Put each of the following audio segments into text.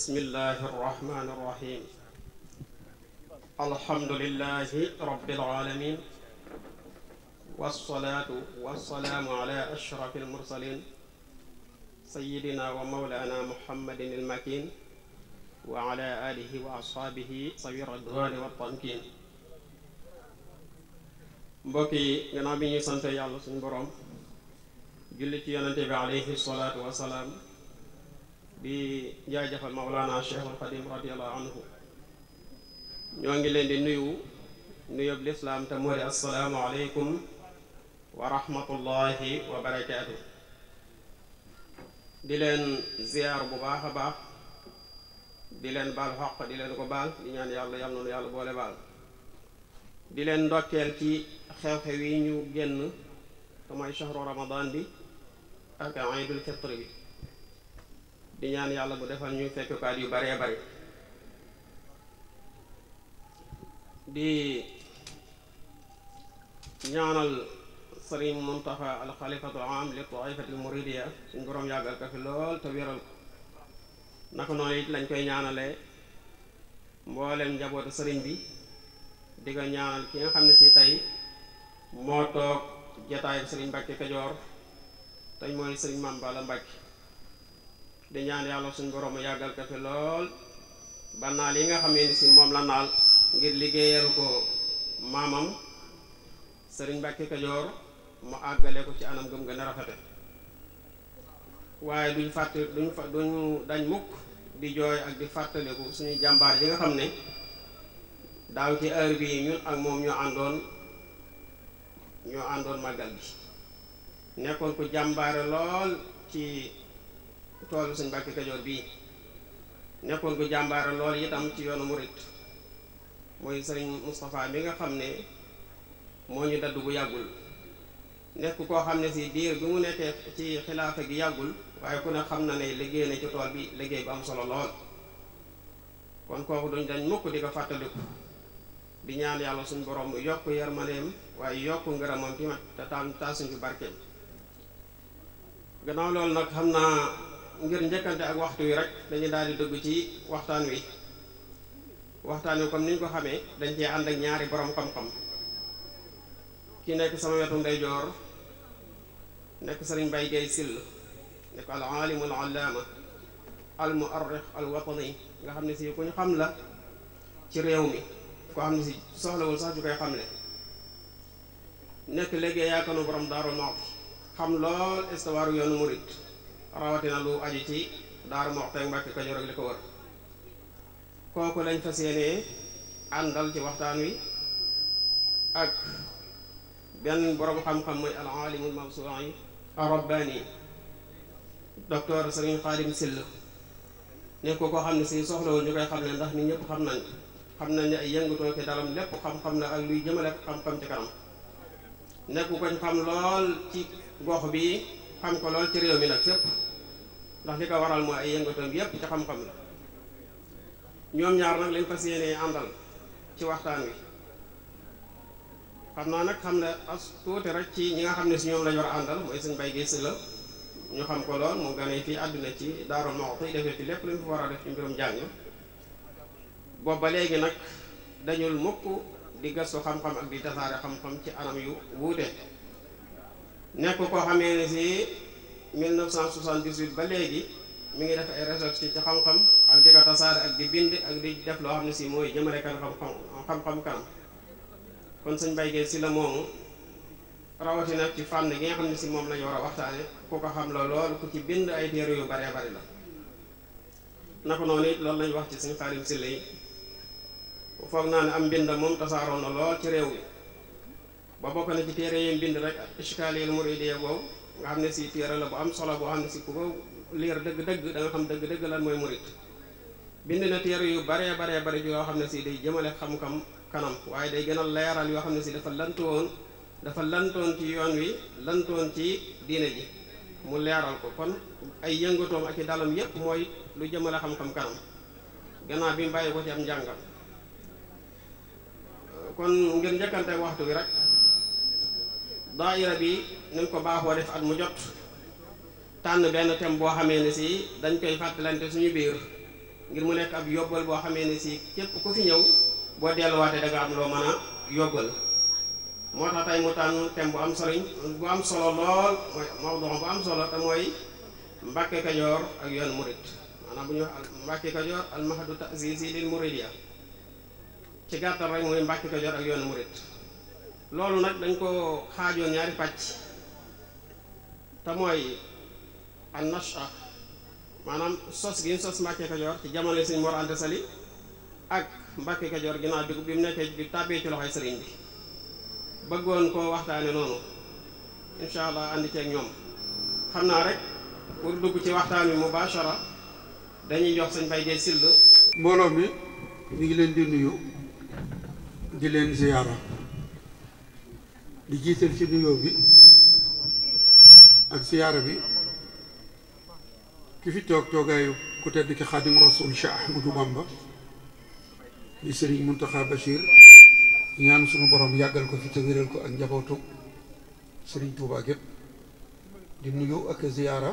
بسم الله الرحمن الرحيم الحمد لله رب العالمين والصلاة والسلام على أشرف المرسلين سيدنا ومولانا محمد المكين وعلى آله وأصحابه صبي الرضوان والتمكين mbokki gannaaw bi ñuy sant yàlla suñu boroom julli ci yonente bi alayhi salaatu wasalaam di jaajëfal Mawlana Cheikhul Xadim radiallahu anhu ñoo ngi leen di nuyu nuyub lislaam te moo di assalaamu aleykum wa rahmatullahi di leen ziyaar bu baax a baax di leen baal xaq di leen ko baal di ñaan yàlla yàlla noonu yàlla boole baal di leen ndokkeel ci xew-xew yi ñu génn te mooy shahru ramadan bi ak iidul fitr bi di ñaan yàlla bu defal ñuy fekkukaat yu baree bari di ñaanal sëriñ Muntaxa al xalifatu am li taifati muridiya suñ boroom yàggal ko fi lool te wéral ko noonu it lañ koy ñaanale mboolem njabootu sëriñ bi di ko ñaanal ki nga xam ne si tey moo toog jataayu sëriñ Mbàkke Kajoor te mooy sëriñ Maam Balla Mbàkke di ñaan yàlla suñ borom yàggal ko fi lool ba yi nga xamee ni si moom la naal ngir liggéeyal ko maamam sëriñ Mbàkke Kajoor mu àggale ko ci anam gëm gën a rafete waaye duñ fàtta duñu fa duñu dañ mukk di jooy ak di fàttaliku suñu jàmbaar yi nga xam ne daaw ci heure bii ñun ak moom ñoo àndoon ñoo àndoon màggal bi nekkoon ko jàmbaare lool ci toolu sëñ Mbàkke Kajoor bii nekkoon ko jàmbaara lool itam ci yoonu murit mooy sëriñ Moustapha mi nga xam ne moo ñu daddu bu yàggul nekk koo xam ne si diir bi mu nekkee ci xilaafa gi yàggul waaye ku ne xam na ne liggéey na ci tool bi liggéey bu am solo lool kon kooku duñ dañ mukk di ko fàttaliku di ñaan yàlla suñu borom yokk yërmandeem waaye yokk ngërëmam tamit te taam taasuñ fi barkeem gannaaw loolu nag xam naa ngir njëkkante ak waxtu yi rek dañu daal di dugg ci waxtaan wi waxtaan wi kon niñ ko xamee dañ cee ànd ak ñaari borom xam-xam ki nekk sama wetu ndeyjoor nekk sëriñ Baye Gueye Sill nekk al aalimu al allaama al muarrix al watani nga xam ne si ku xam la ci réew mi koo xam si soxlawul sax ju koy xamle nekk léegi yaakaar na borom Daaru Muxti xam lool istuwaaru yoonu murit rawatina lu aju ci Daaru Muxti ak Mbàkke Kajoor li ko wër kooku lañ fas yéenee àndal ci waxtaan wi ak benn borom xam-xam mooy al aalimul mawsuu'i rabbaani docteur Serigne Khadim Sill nekk ko xam ne si soxlawul ñu koy xam ne ndax nit ñëpp xam nañ xam nañ ay yëngutoo ki dalam lépp xam-xam na ak luy jëmale xam-xam ci kanam nekk koñ xam lool ci gox bi xam ko lool ci réew mi nag fépp ndax li ko waral mooy ay yëngatoom yépp ci xam-xam la ñoom ñaar nag lañ fas yéenee àndal ci waxtaan wi xam naa nag xam ne as rek ci ñi nga xam ne si ñoom lañ war a àndal mooy suñ bay gis la ñu xam ko lool mu gane fii àdduna ci Daaru Muxti defee fi lépp lu ñu fi war a def ci mbirum jàng boobu ba léegi nag dañul mukk di gastu xam-xam ak di tasaare xam-xam ci anam yu wuute nekk koo xamee ne si 1978 ba léegi mi ngi def ay recherche ci xam-xam ak di ko ak di bind def loo xam ne si mooy jëmale kan xam-xam xam-xam kanam kon sëñ Mbaye Guèye Sylla moomu rawatina ci fànn gi nga xam ne si moom lañu war a waxtaane ku ko xam la lool ku ci bind ay téere yu baree bari la naka noonu it loolu lañ wax ci sëñ Xaadim Sylla yi foog naa ne am mbind moom tasaaroo na lool ci réew mi ba bokk na ci téere yéen bind rek Ishkaaliyal Muriidiyya boobu nga xam ne si téere la bu am solo boo xam ne si ku ko liir dëgg-dëgg da xam dëgg-dëgg lan mooy murid bind na téere yu baree baree bari yoo xam ne si day jëmale xam kanam waaye day gën leeral yoo xam ne si dafa lantoon dafa lantoon ci yoon wi lantoon ci diine mu leeral ko kon ay yëngatoom ak i dalam yépp mooy lu jëmale xam-xam kanam gannaaw bi mu bàyyi ko ci am njàngam kon ngeen njëkkante waxtu wi rek daayira bi nañ ko baaxoo def at mu jot tànn benn tem boo xamee ne si dañ koy fàttalante suñu biir ngir mu nekk ab yóbbal boo xamee ne si képp ko fi ñëw boo delluwaatee da am loo mën a yóbbal moo tax tey mu tànn thème bu am solo bu am solo lool mooy mawdu bu am solo te mooy Mbàkke Kajoor ak yoon murit maanaam bu ñuy wax Mbàkke Kajoor al mahadu ta'zizi lil muridiyya ci gàttal rek mooy Mbàkke Kajoor ak yoon murit loolu nag dañ ko xaajoon ñaari pàcc te mooy an maanaam sos gi sos Mbàkke Kajoor ci jamono Sëriñ Mor Anta Sali ak Mbàkke Kajoor ginnaaw bi bi mu nekkee bi tàbbee ci loxoy sëriñ bi bëggoon koo waxtaane noonu incha allah àndi ceeg ñoom xam naa rek pour dugg ci waxtaan wi mubashara dañuy jox sëñ Baye Dieye Sylla mbooloo mi ñu ngi leen di nuyu di leen ziyaara li jiital ci nuyoo bi ak siyaara bi ki fi toog toogaayu ku tedd ki xaadim rasul Cheikh Ahmadou Bamba di sëriñ Muntaxa Bachir ñaan sunu boroom yàggal ko fi te wéral ko ak njabootu sëriñ Touba gépp di nuyu ak ziyaara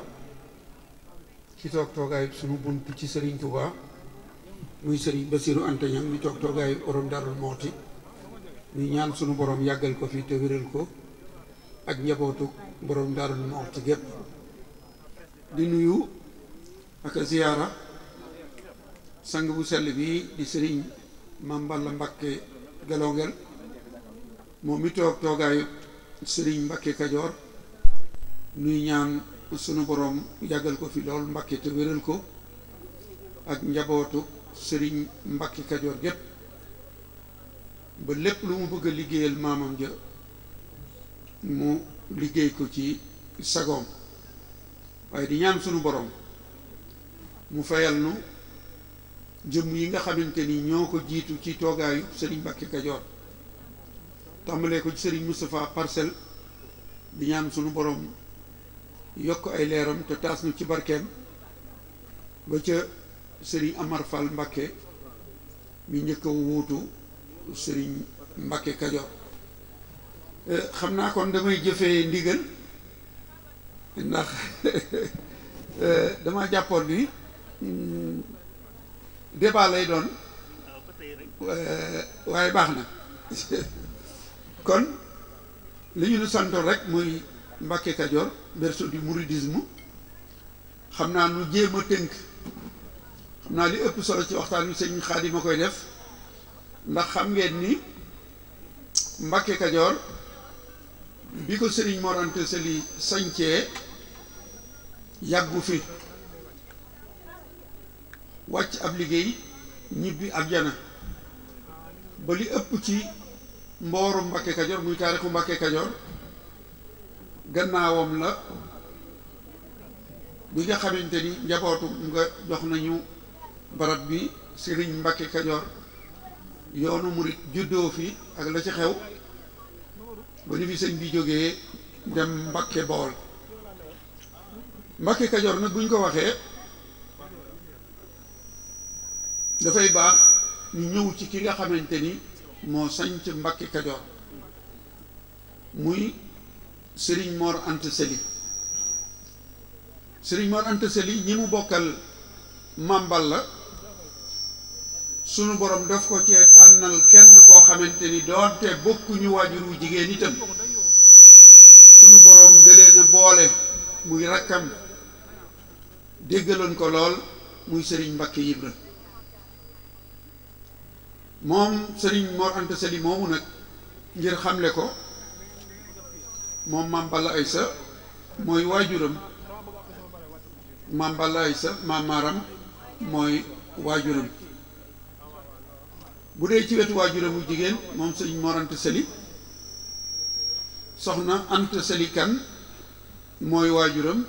ci toog toogaayu sunu bunt ci sëriñ Touba muy sëriñ Basiru Antaña mi toog toogaayu borom Darul Mooti ñu ñaan sunu boroom yàggal ko fi te wéral ko ak njabootu borom Daarul Muxti gépp di nuyu ak ziyaara sang bu sell bi di sëriñ Maam Balla Mbakke Galongel moom mi toog toogaayu sëriñ Mbakke Kajoor nuy ñaan sunu boroom yàggal ko fi lool Mbakke te wéral ko ak njabootu sëriñ Mbakke Kajoor gépp ba lépp lu mu bëgg a liggéeyal maamam ja mu liggéey ko ci sagoom waaye di ñaan sunu borom mu fayal nu jëmm yi nga xamante ni ñoo ko jiitu ci toogaayu Serigne Mbacke Kajoor tàmbalee ko ci Serigne Moustapha Parcelles di ñaan sunu borom yokk ay leeram te taas nu ci barkeem ba ca Serigne Amar Fall Mbacke njëkk wuutu sëriñ Mbacke Kajoor eh, xam naa kon damay jëfee ndigal ndax eh, dama jàppoon ni mm, débat lay doon eh, waaye baax na kon li ñu nu santoon rek muy Mbacke Kajoor berceau du mouridisme xam naa nu jéem a tënk xam naa li ëpp solo ci waxtaan wi sëñ Xaadim koy def ndax xam ngeen ni Mbàkke Kajoor bi ko sëriñ Mor Anta Sali sañcee yàggu fi wàcc ab liggéey ñibbi ab jana ba li ëpp ci mbooru Mbàkke Kajoor muy taarixu Mbàkke Kajoor gannaawam la bi nga xamante ni njabootu nga jox nañu barab bi sëriñ mbakke Kajoor yoonu murit juddoo fii ak la ci xew ba ñu fi sëñ bi jógee dem Mbàkke Bawol Mbàkke Kajoor nag buñ ko waxee dafay baax ñu ñëw ci ki nga xamante ni moo sanc Mbàkke Kajoor muy Sëriñ Mor Anta Sëriñ Mor Anta ñi mu bokkal mambal la sunu borom daf ko cee na kenn koo xamante ni doonte bokkuñu waajuru jigéen itam sunu borom da leen a boole muy rakkam déggaloon ko lool muy sëriñ Mbacke Ibra moom sëriñ Mor Anta Sali moomu nag ngir xamle ko moom maam Balla Aysa mooy waajuram maam Balla Aysa maam mooy waajuram bu dee ci wetu waajuram bu jigéen moom sëñ Mor Anta Sali soxna Anta Sali Kan mooy waajuram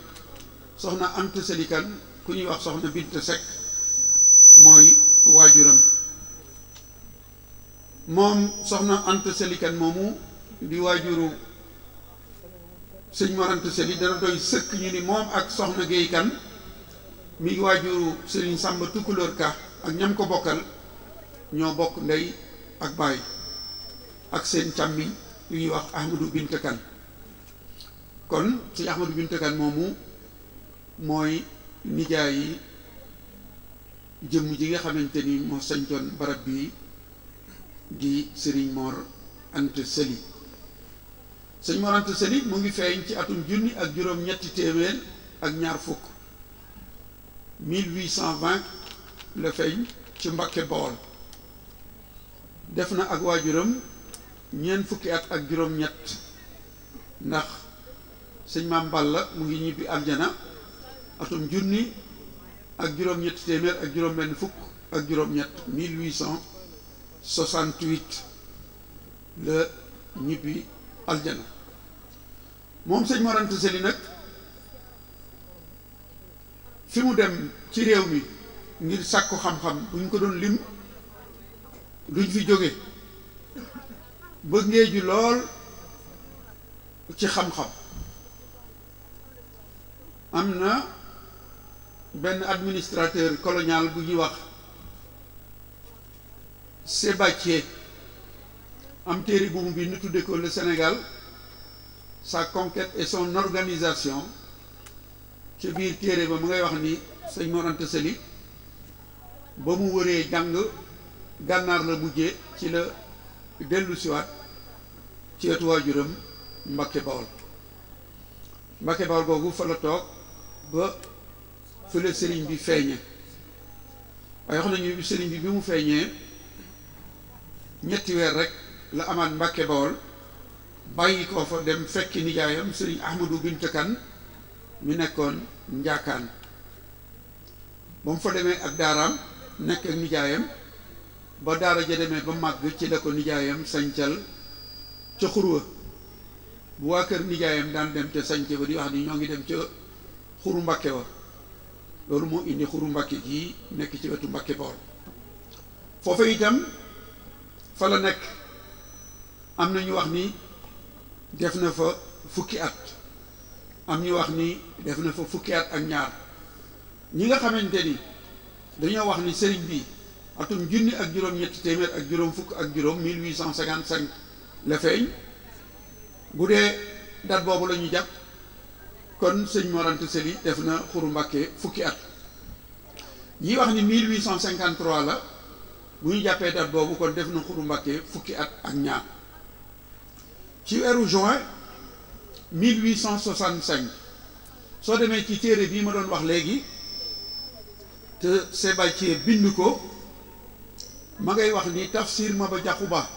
soxna Anta Sali Kan ku ñuy wax soxna Binta Seck mooy waajuram moom soxna Anta Sali moomu di waajuru sëñ Mor Anta Sali dana doy sëkk ñu ni moom ak soxna Géey Kan mi ngi waajuru sëriñ Sàmba Tukulóor Ka ak ñam ko bokkal ñoo bokk ndey ak baay ak seen càmmiñ yu ñuy wax Ahmadu Binta kon ci Ahmadu Binta moomu mooy nijaay yi jëmm ji nga xamante ni moo sañcoon barab bi di Sëriñ Mor Anta Sali Sëriñ Mor Anta Sali mu ngi feeñ ci atum junni ak juróom ñetti téeméer ak ñaar fukk 1820 la feeñ ci Mbakke Bawol def na ak waajuram ñeent fukki at ak juróom-ñett ndax sëñ maam Balla mu ngi ñibbi aljana atum junni ak juróom-ñett téeméer ak juróom-benn fukk ak juróom-ñett 1868 la ñibbi aljana moom sëñ Mor Anta Sali nag fi mu dem ci réew mi ngir sàkku xam-xam bu ñu ko doon lim. duñ fi jóge bëgg ngee ji lool ci xam-xam am na benn administrateur colonial bu ñuy wax Sébatier am téere bu bi nu tudde ko le Sénégal sa conquête et son organisation ci biir téere ba mu ngay wax ni sëñ Mor Anta Sali ba mu wëree jàng gànnaar la mujjee ci la dellu siwaat ci wetu waajuram Mbàkke Bawol Mbàkke Bawol googu fa la toog ba fi la sëriñ bi feeñe waaye xam nañu sëriñ bi bi mu feeñee ñetti weer rek la amaat Mbàkke Bawol bàyyi koo fa dem fekki nijaayam sëriñ Ahmadou Binte Kan mi nekkoon njaakaan ba mu fa demee ak daaraam nekk ak nijaayam ba daara ja demee ba màgg ci la ko nijaayam sancal ca xurwa bu waa kër nijaayam daan dem te sanc ba di wax ni ñoo ngi dem ca xuru mbakke wa loolu moo indi xur mbakke gi nekk ci wetu mbakke bool foofa itam fa la nekk am na ñu wax ni def na fa fukki at am ñu wax ni def na fa fukki at ak ñaar ñi nga xamante ni dañoo wax ni sëriñ bi atum junni ak juróom ñetti téeméer ak juróom fukk ak juróom 1855 la feeñ bu dee date boobu la ñu jàpp kon sëñ Mor Anta def na Xuru Mbàkke fukki at ñi wax ni 1853 la bu ñu jàppee date boobu kon def na Xuru Mbàkke fukki at ak ñaar ci weeru juin 1865 soo demee ci téere bii ma doon wax léegi te Sébastier bind ko ma ngay wax ni tafsir ma ba jaxuba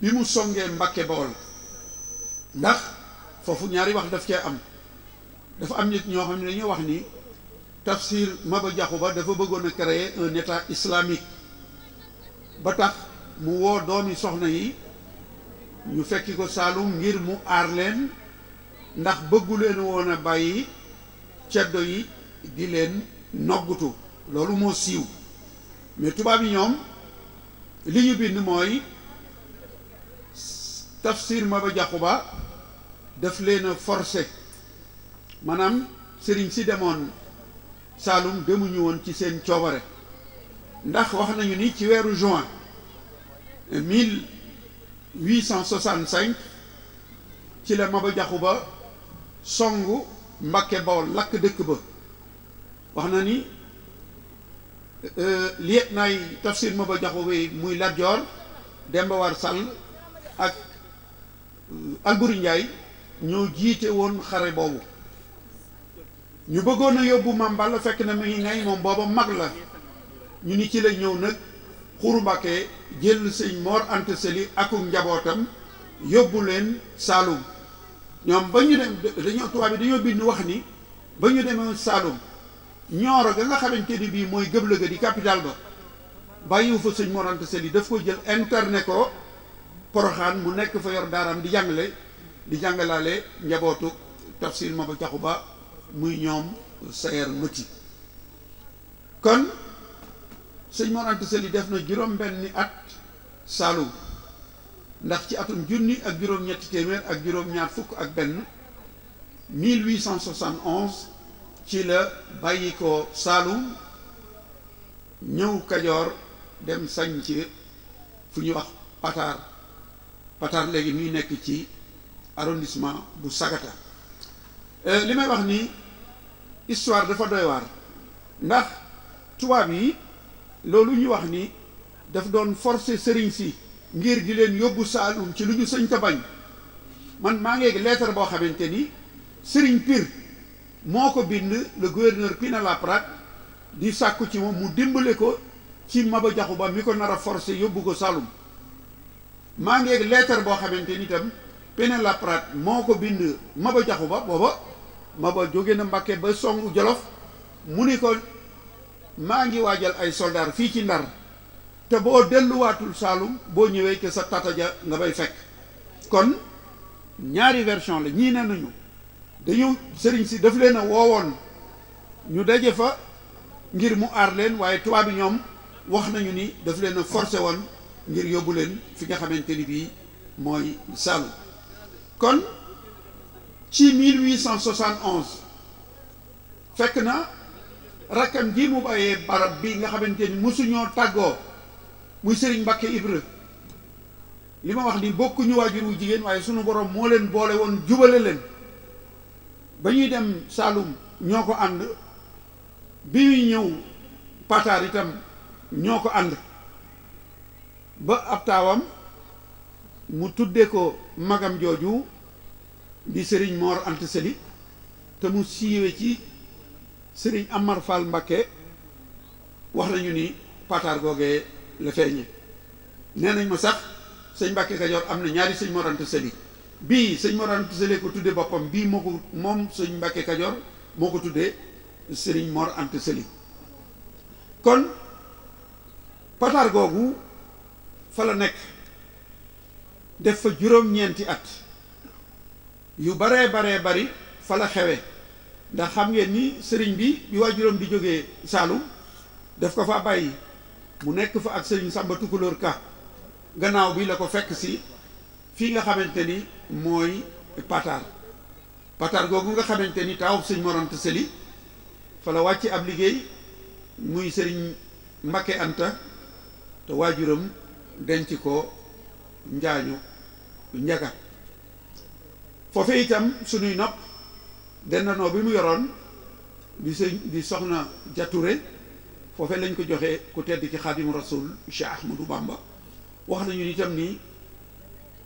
bi mu songee Mbàkke Bawol ndax foofu ñaari wax daf cee am dafa am nit ñoo xam ne dañoo wax ni tafsir Maba Jaxu Ba dafa bëggoon a créer un état islamique ba tax mu woo doomi soxna yi ñu fekki ko Saalum ngir mu aar leen ndax bëggu leen woon bàyyi ceddo yi di leen noggutu loolu moo siiw mais tubaab yi ñoom li ñu bind mooy tafsir Maba Jaxu Ba def leen a forcé maanaam sëriñ si demoon Saalum demuñu woon ci seen coobare ndax wax nañu ni ci weeru juin 1865 ci la Maba Jaxu Ba songu Mbàkke Bawol lakk dëkk ba wax na ni Euh, liet naay tafsir ma ba jaxu bi muy Lat Joor Demba War ak euh, Alburi Njaay ñoo jiite woon xare boobu ñu bëggoon yóbbu Maam Balla fekk na mi ngi ngay moom booba mag la ñu ni ci la ñëw nag Xuru jël sëñ Mor Anta Sali akuk njabootam yóbbu leen Saalum ñoom ba ñu dem dañoo tubaab bi dañoo bind wax ni ba ñu demee Saalum ñooro ga nga xamante ni bii mooy gëblëga di capital ba bàyyiwu fa sëñ Mor Anta Sali daf ko jël internet ko poroxaan mu nekk fa yor daaraam di jàngale di jàngalaale njabootu tafsir ma ba jaxu ba muy ñoom sayer mëti kon sëñ Mor Anta Sali def na juróom-benni at Saalum ndax ci atum junni ak juróom-ñetti téeméer ak juróom-ñaar fukk ak benn ci la bàyyi ko Saalum ñëw Kajoor dem sañ ci fu ñuy wax Pataar Pataar léegi muy nekk ci arrondissement bu Sagata euh, li may wax ni histoire dafa doy waar ndax tubaab yi loolu ñu wax ni daf doon forcer sëriñ si ngir di leen yóbbu Saalum ci lu ñu sëñ ta bañ man maa ngi leetar boo xamante ni sëriñ Pire moo ko bind le gouverneur Pinet-Laprade di sàkku ci moom mu dimbale ko ci Maba Jaxu Ba mi ko nar forcé yóbbu ko saalum maa ngi egg lettre boo xamante ni itam Pinet-Laprade moo ko bind Maba Jaxu Ba booba Maba jóge na mbakke ba songu Jolof mu ni ko maa ngi waajal ay soldaar fii ci Ndar te boo delluwaatul Saloum boo ñëwee ke sa tataja nga bay fekk kon ñaari version la ñii nen nañu dañu sëriñ si daf leen a woowoon ñu daje fa ngir mu aar leen waaye tubaab bi ñoom wax nañu ni daf leen a forcé woon ngir yóbbu leen fi nga xamante ni bii mooy Saalum kon ci 1871 fekk na rakkam jii mu bàyyee barab bi nga xamante ni mosuñoo tàggoo muy sëriñ Mbàkke Ibra li ma wax ni bokkuñu waajur wu jigéen waaye sunu borom moo leen boole woon jubale leen ba ñuy dem Saalum ñoo ko ànd bi ñuy ñëw Pataar itam ñoo ko ànd ba ab taawam mu tudde ko magam jooju di sëriñ Mor Anta Sali te mu siiwe ci sëriñ Amar Fall Mbakke wax nañu ni Pataar googee la feeñe nee nañ ma sax sëñ Mbakke Kajoor am na ñaari sëñ Mor Anta Sali bii sëñ Morane Sële ko tuddee boppam bii moo ko moom sëñ Mbàkke Kajoor moo ko tuddee sëriñ Mor ant Sëli kon pataar googu fa la nekk def fa juróom-ñeenti at yu bare baree bari fa la xewe ndax xam ngeen ni sëriñ bi bi waajuram di jógee Saalum daf ko fa bàyyi mu nekk fa ak sëriñ Samba Tukulóor Ka gannaaw bi la ko fekk si fii nga xamante ni mooy patar patar googu nga xamante ni taawub sëñ morant sëli fa la wàcc ab liggéey muy sëriñ Mbakke Anta te waajuram denc ko njaañu njaga foofe itam suñuy nopp dendanoo bi mu yoroon di sëñ di soxna jature foofe lañ ko joxee ku tedd ci xaadimu rasul Cheikh Ahmadou Bamba wax nii itam ni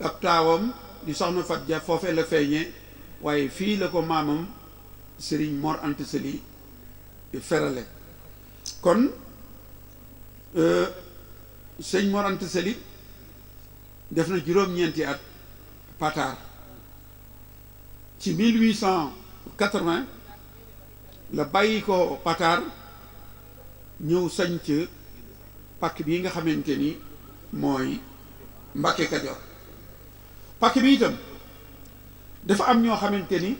ak taawam di soxna Fat Dia la feeñee waaye fii la ko maamam Serigne Mor Anta Sali ferale kon euh, sëñ Mor Anta Sali def na juróom-ñeenti at Pataar ci la bàyyi ko Pataar ñëw sëñc pàkk bi nga xamante ni mooy Mbàkke Kajoor pàcc bi itam dafa am ñoo xamante ni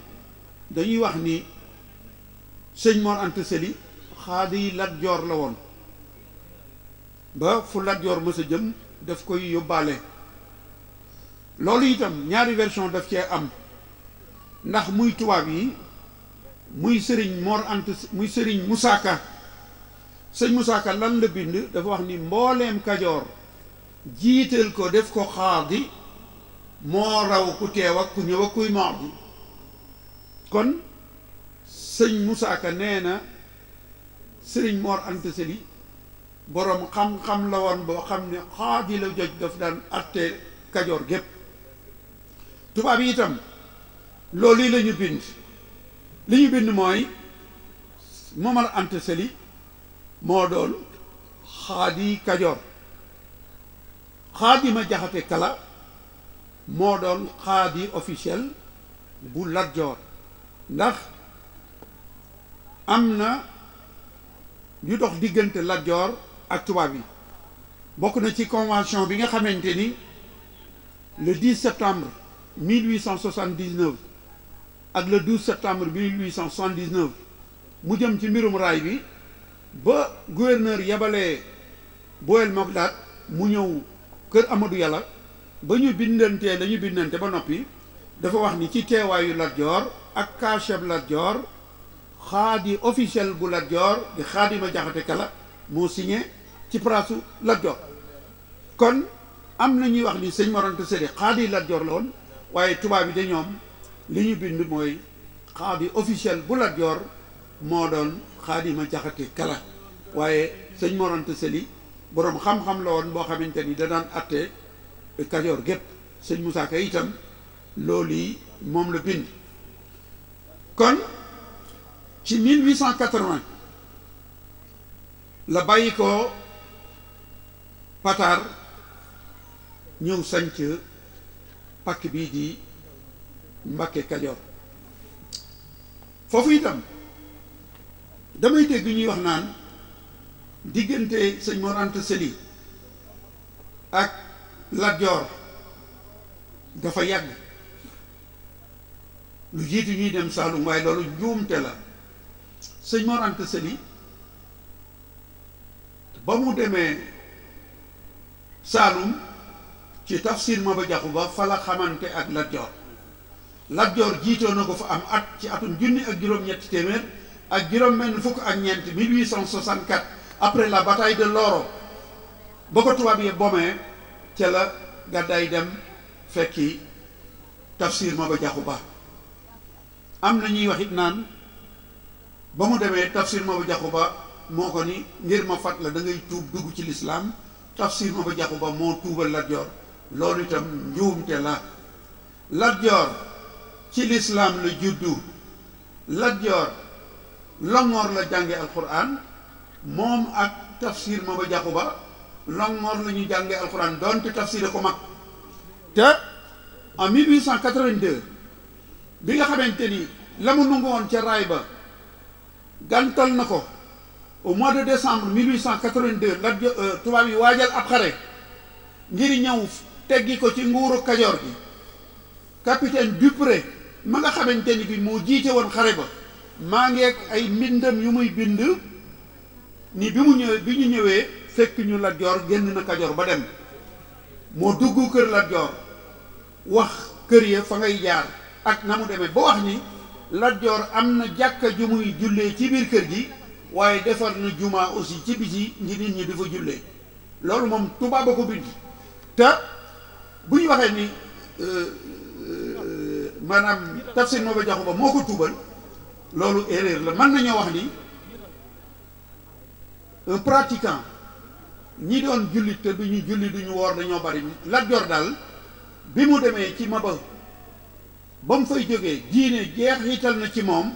dañuy wax ni sëñ Mor Anta Sali xaadi Lat Joor la woon ba fu Lat Joor mës a jëm daf koy yóbbaale loolu itam ñaari version daf cee am ndax muy tubaab yi muy sëriñ Mor Anta muy sëriñ Moussa Ka sëñ Moussa lan la bind dafa wax ni mbooleem Kajoor jiital ko def ko di moo raw ku teew ak ku ñëw ak kuy maadu kon sëñ Moussa Ka nee na sëriñ Mor Anta boroom xam-xam la woon boo xam ne xaadi la joj daf daan atte kajoor gépp tubaab yi itam loolu yi la ñu bind li ñu bind mooy Momar Anta moo doon xaadi kajoor xaadi ma jaxate kala moo doon xaadi officiel bu Lat Joor ndax am na yu dox diggante Lat ak tubaab yi bokk na ci convention bi nga xamante ni le 10 septembre 1879 ak le 12 septembre 1879 mu jëm ci mbirum raay bi ba gouverneur yabalee Boel Mogdad mu ñëw kër Amadou Yàlla ba ñu bindantee la ñu bindante ba noppi dafa wax ni ci teewaayu Lat Joor ak kaacheb Lat Joor xaadi officiel bu Lat Joor xaadi ma jaxate kala moo signé ci palaasu Lat Joor kon am na ñuy wax ni sëñ Mor Anta Sali xaadi Lat Joor la woon waaye tubaab yi de ñoom li ñu bind mooy xaadi officiel bu Lat Joor moo doon xaadima jaxate kala waaye sëñ Mor Anta Sali boroom xam-xam la woon boo xamante ni da daan atte Kajoor gépp sëñ Moussa Ka itam loolu yi moom la bind kon ci 1880 la bàyyi ko Patar ñëw sanc pakk bii di Mbàkke Kajoor foofu itam damay dégg ñuy wax naan diggante sëñ Mor Anta Sali ak Lat Joor dafa yàgg lu jiitu ñuy dem Saalum waaye loolu njuumte la sëñ Mor Anta Sali ba mu demee Saalum ci tafsir Maba Jaxu Ba fa la xamante ak Lat Joor Lat Joor jiitoo na ko fu am at ci atum junni ak juróom-ñetti téeméer ak juróom-benn fukk ak ñeent 1864 après la bataille de Loro ba ko tubaab yi bomee ca la gàddaay dem fekki tafsir ma ba jaxu ba am na ñuy wax it naan ba mu demee tafsir ma ba jaxu ba moo ko ni ngir ma fat la dangay ngay tuub dugg ci lislaam tafsir ma ba jaxu ba moo tuubal Lat Joor loolu itam njuumte la Lat ci lislaam la juddu Lat Joor longoor la jànge alquran moom ak tafsir ma ba jaxu ba Longhor la ñu jàngee alxuraan doonte tafsir ko mag te en 1882 bi nga xamante ni la mu nangu ca raay ba gàntal na ko au mois de décembre 1882 la euh, tubaab yi waajal ab xare ngir ñëw teggi ko ci nguuru kajoor gi capitaine Dupré ma nga xamante ni bi moo jiite woon xare ba maa ngeeg ay mbindam yu muy bind ni bi mu ñëwee bi ñu ñëwee fekk ñu Lat Joor génn na Kajoor ba dem moo dugg kër Lat Joor wax kër ya fa ngay jaar ak na mu demee ba wax ni Lat Joor am na jàkka ju muy jullee ci biir kër gi waaye defar na jumaa aussi ci biti ngi nit ñi di fa jullee loolu moom Tuubaa ba ko bind te bu ñu waxee ni euh, euh, maanaam tafsir moo ba moo ko tuubal loolu erreur la mën nañoo wax ni pratiquent ñi doon jullit te ñu julli duñu woor dañoo bari Lat Joor daal bi mu demee ci Maba ba mu fay jógee diine jeexital na ci moom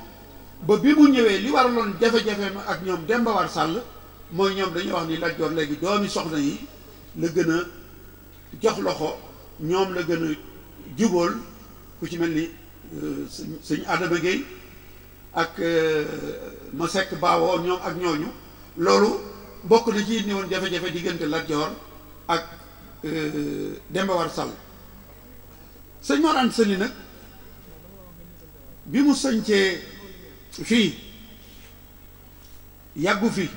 ba bi mu ñëwee li waraloon jafe-jafeem ak ñoom dem ba War Sàll mooy ñoom dañuy wax ni Lat Joor léegi doomi soxna yi la gën a jox loxo ñoom la gën a jubóol ku ci mel ni euh, sëñ Adama Gueye ak euh, ma sekk baawoo ñoom ak ñooñu loolu bokk na ci ne woon jafe-jafe diggante Lat ak euh, dembawar War Sall sëñ Mor nag bi mu sañcee fii yàggu fi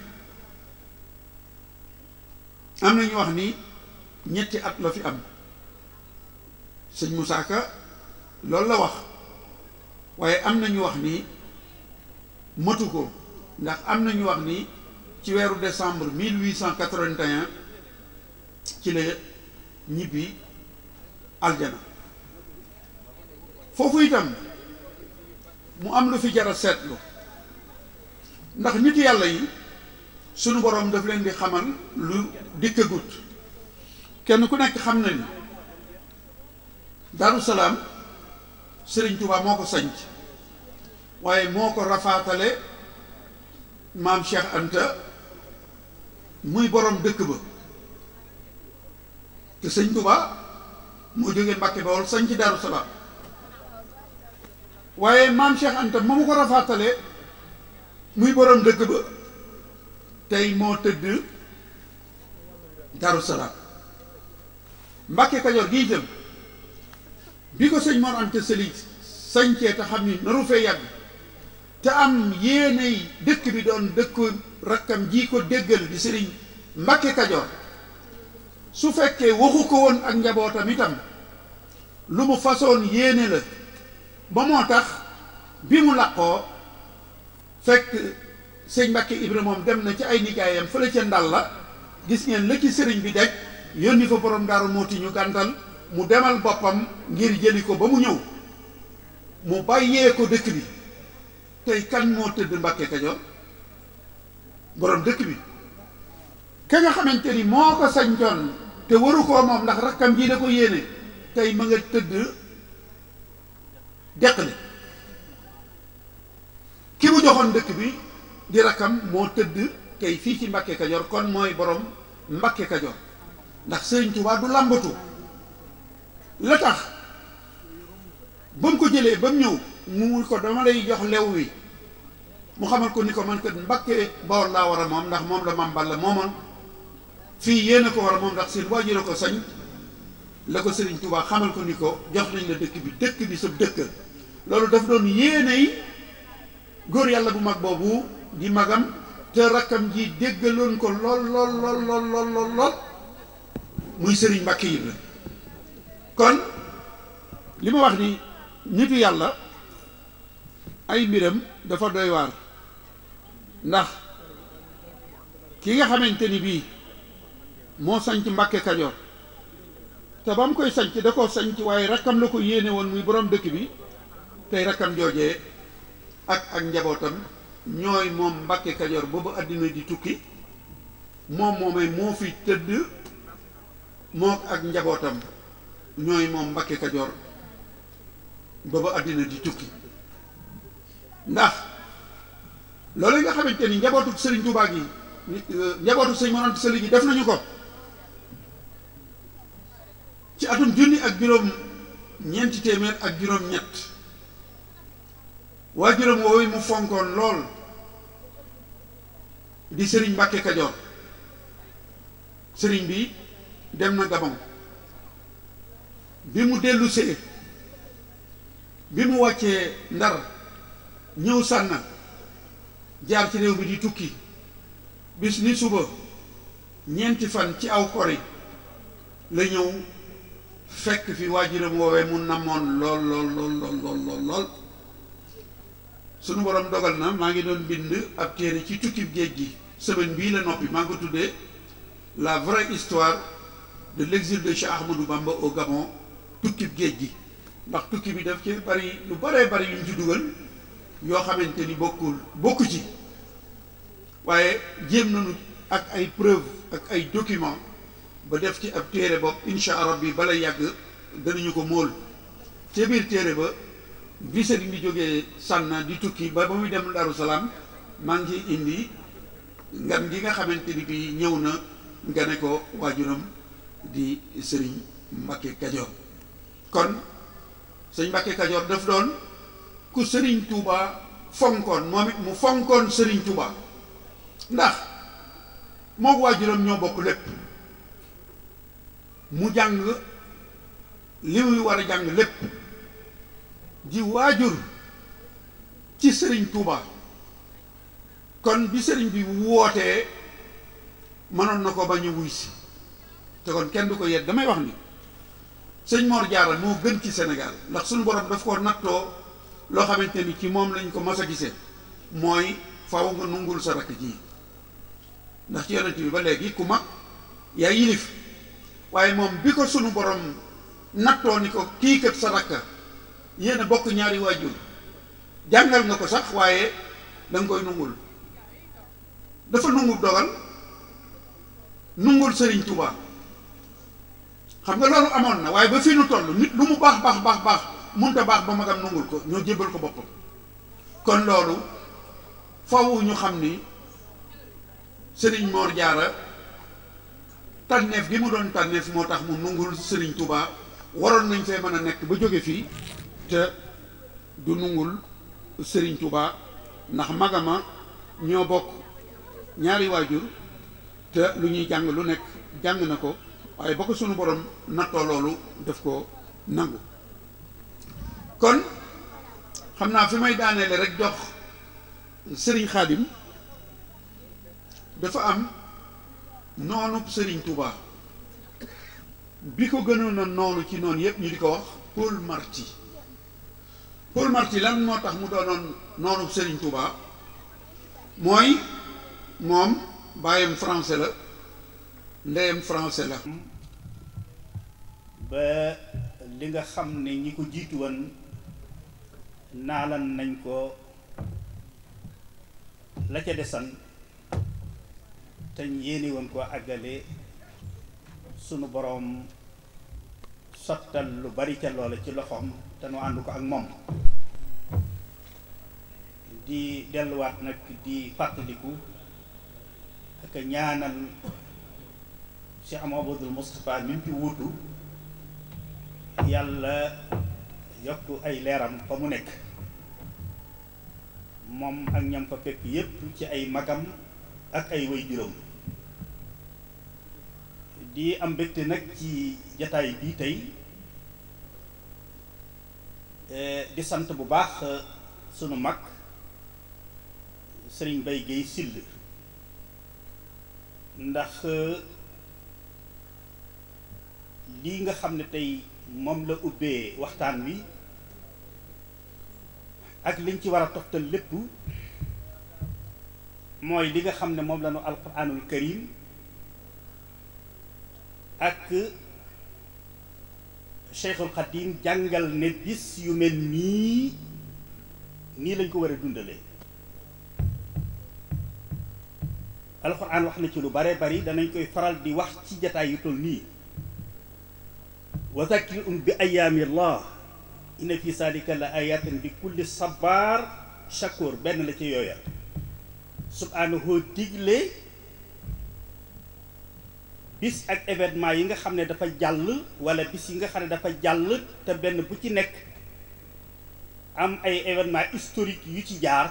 am na ñu wax ni ñetti at la fi am sëñ Moussa Ka loolu la wax waaye am na ñu wax ni matu ko ndax am na ñu wax ni ci weeru décembre 1881 ci la ñibbi aljana foofu itam mu am lu fi jara seetlu ndax nit yàlla yi sunu boroom daf leen di xamal lu dikkagut kenn ku nekk xam na ni Daaru Salaam Sëriñ moo ko sanc waaye moo ko rafaatale maam Cheikh Anta muy boroom dëkk ba te sëñ Touba moo jógee Mbàkke Bawol sañ ci Daaru waaye maam Cheikh Anta ma mu ko rafaatalee muy boroom dëkk ba tey moo tëdd Daaru Salaam Mbàkke Kajoor gii jëm bi ko sëñ Mor Anta Sëli sañcee te xam ni naru fee yàgg te am yéenay dëkk bi doon dëkku rakkam ji ko déggal di sëriñ Mbàkke Kajoor su fekkee waxu ko woon ak njabootam itam lu mu façon yéene la ba moo tax bi mu làqoo fekk sëñ Mbàkke Ibra moom dem na ci ay nijaayam fële ca ndal la gis ngeen la ci sëriñ bi daj yónni fa borom daaru mooti ñu gàntal mu demal boppam ngir jëli ko ba mu ñëw mu bàyyee ko dëkk bi tey kan moo tëdd mbakke Kajoor borom dëkk bi ka nga xamante ni moo ko sañcoon te waru koo moom ndax rakkam ji da ko yéene tey ma nga tëdd deq li ki mu joxoon dëkk bi di rakkam moo tëdd tey fii ci mbakke Kajoor kon mooy boroom mbakke Kajoor ndax Sëriñ Tuubaa du làmbatu la tax ba mu ko jëlee ba mu ñëw mu wul ko dama lay jox lew wi mu xamal ko ni ko man ko Mbàkke laa war a moom ndax moom la Maam Balla moomoon fii yéen a ko war a moom ndax seen waajur a ko sañ la ko Sëriñ Tuubaa xamal ko ni ko jox nañ la dëkk bi dëkk bi sa dëkk loolu daf doon yéene góor yàlla bu mag boobu di magam te rakkam ji déggaloon ko lool lool lool lool lool lool lool muy Sëriñ Mbàkke Ibra kon li ma wax ni nitu yàlla ay mbiram dafa doy waar ndax ki nga xamante ni bii moo sanc mbakke Kajoor te ba mu koy sanc da koo sanc waaye rakkam la ko yéenewoon muy borom dëkk bi tey rakkam joojee ak ak njabootam ñooy moom Mbàkke Kajoor boobu àddina di tukki moom moomay moo fi ak njabootam ñooy moom Mbàkke Kajoor boobu àddina di tukki ndax loolu nga xamante ni njabootu Serigne Touba gi euh, njabootu sëñ Mor Anta Sali gi def nañu ko ci atum junni ak juróom ñeenti téeméer ak ñett waa juróom woowu mu fonkoon lool di sëriñ Mbacke Kajoor sëriñ bi dem na Gabon bi mu dellu bi mu wàccee Ndar. ñëw sànna jaar ci réew bi di tukki bis ni suba ñeenti fan ci aw kori la ñëw fekk fi waajuram woowee mu namoon lool lool lool lool lool lool sunu dogal na maa ngi doon bind ab téere ci tukki géej gi semaine bii la noppi maa ngi ko tuddee la vraie histoire de l'exil de Cheikh Ahmadou Bamba au Gabon tukki géej gi ndax tukki bi def ci bari lu baree bari yu ci dugal yoo xamante ni bokkul bokk ci waaye jéem nañu ak ay preuve ak ay document ba def ci ab téere bopp insha rabbi bala yàgg danañu ko móol ca biir téere ba bi sëriñ bi jógee sànna di tukki ba ba muy dem Daaru Salaam maa ngi indi nga gi nga xamante ni bi ñëw na nga ne ko waajuram di sëriñ Mbàkke Kajoor kon sëñ Mbàkke Kajoor daf doon ku sëriñ Touba fonkoon moom it mu fonkoon sëriñ Touba ndax moom waajuram ñoo bokk lépp mu jàng li muy war a jàng lépp di waajur ci sëriñ Touba kon bi sëriñ bi wootee mënoon na ko bañ a wuy si te kon kenn du ko yedd damay wax ni sëñ Mor Diarra moo gën ci senegal ndax suñu borom daf ko nattoo loo xamante ni ci moom lañ ko mas a gisee mooy faw nga nungul sa rakk ji ndax ci yonent bi ba léegi ku mag yaa yilif waaye moom bi ko sunu borom nattoo ni ko kii kat sa rakk yéen bokk ñaari waajur jàngal nga ko sax waaye danga koy nungul dafa nungul dogal nungul Sëriñ Tuubaa xam nga loolu amoon na waaye ba fii nu toll nit lu mu baax baax baax baax munta baax ba magam nangul ko ñoo jébbal ko boppam kon loolu faw ñu xam ni sëriñ Mor Jaara tànneef gi mu doon tànneef moo tax mu nungul sëriñ Touba waroon nañ see mën a nekk ba jóge fii te du nungul sëriñ Touba ndax magama ñoo bokk ñaari waajur te lu ñuy jàng lu nekk jàng na ko waaye ba ko sunu borom nattoo loolu def ko nangu kon xam naa fi may daaneele rek jox sëriñ xaadim dafa am noonub sëriñ Touba bi ko gënoon a noonu ci noonu yépp ñu di ko wax Paul Marty Paul Marty lan moo tax mu doonoon noonub sëriñ Touba mooy moom bàyyam français la ndeyam français la ba li nga xam ne ñi ko jiitu woon naalan nañ ko la ca desan teñ yéene woon koo àggale sunu boroom sottal lu bari ca loola ci loxoom te nu ànd ko ak moom di delluwaat nag di fàttaliku ak ñaanal Cheikh Mouhamadoul Moustapha mi mu ci wuutu yàlla yokk ay leeram fa mu nekk moom ak ñam fa fekk yépp ci ay magam ak ay way juróom di am mbégte nag ci jataay bii tey eh, di sant bu baax eh, sunu mag sëriñ Bay gay Sill ndax eh, li nga xam ne tey moom la ubbee waxtaan wi ak liñ ci war a toftal lépp mooy li nga xam ne moom la ñu alquranul karim ak cheikhul xadim jàngal ne bis yu mel nii nii lañ ko war a dundalee alquran wax na ci lu bare bari danañ koy faral di wax ci jataay yu toll nii wa zakkirhum bi ayaami llah inna fi salika la ay ayaatan bi kulli sabar shakur benn la ci yooya subhaanahu digle bis ak événement yi nga xam ne dafa jàll wala bis yi nga xam ne dafa jàll te benn bu ci nekk am ay événement historique yu ci jaar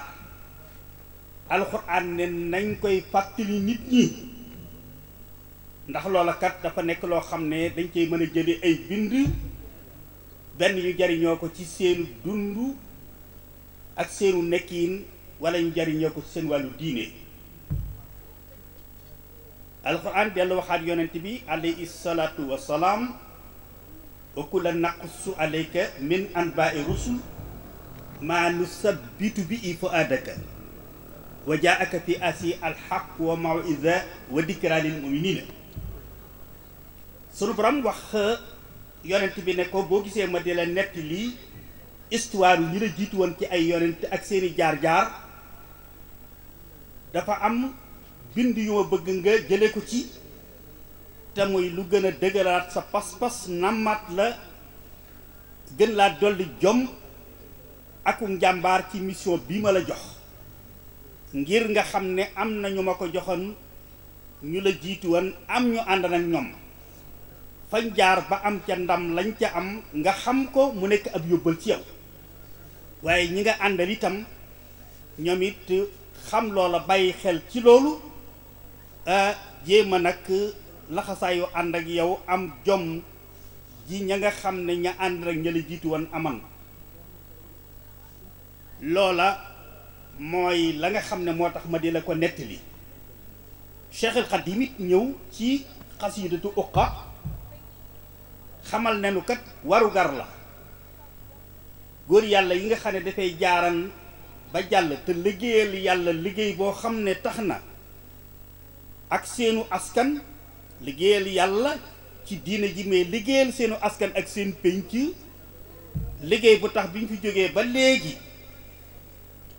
alxuraan ne nañ koy fàttali nit ñi ndax loola kat dafa nekk loo xam ne dañ cey mën a jële ay bind benn yu jariñoo ko ci seen dund ak seenu nekkin wala ñu jariñoo ko ci seen wàllu diine alquran dellu waxaat yonent bi alayhi salaatu wasalaam wa kulla naqussu alayka min anbaai rusul maa nusabbitu bi i fuadaka wa jaaka fi asi alxaq wa mawida wa dikra lil muminina sunu borom wax yonent bi ne ko boo gisee ma di la nett lii yi ñu la jiitu woon ci ay yonent ak seeni jaar-jaar dafa am bind yu ma bëgg nga jële ko ci te muy lu gën a dëgëraat sa pas-pas nammat la gën laa dolli jom aku njàmbaar ci mission bi ma la jox ngir nga xam ne am na ñu ma ko joxoon ñu la jiitu woon am ñu ànd ñoom fañ jaar ba am ca ndam lañ ca am nga xam ko mu nekk ab yóbbal ci yow waaye ñi nga àndal itam ñoom it xam loola bàyyi xel ci loolu jéem a nag laxasaayu ànd ak yow am jom ji ña nga xam ne ña ànd ak ña la jiitu woon aman loola mooy la nga xam ne moo tax ma di la ko nettali Cheikhul Xadim it ñëw ci xasiidatu uqa xamal nenu kat warugar la góor yàlla yi nga xam ne dafay jaaran ba jàll te liggéeyal yàlla liggéey boo xam ne tax na ak seenu askan liggéeyal yàlla ci diina ji liggéeyal seenu askan ak seen pénc liggéey bu tax bi ñu fi jógee ba léegi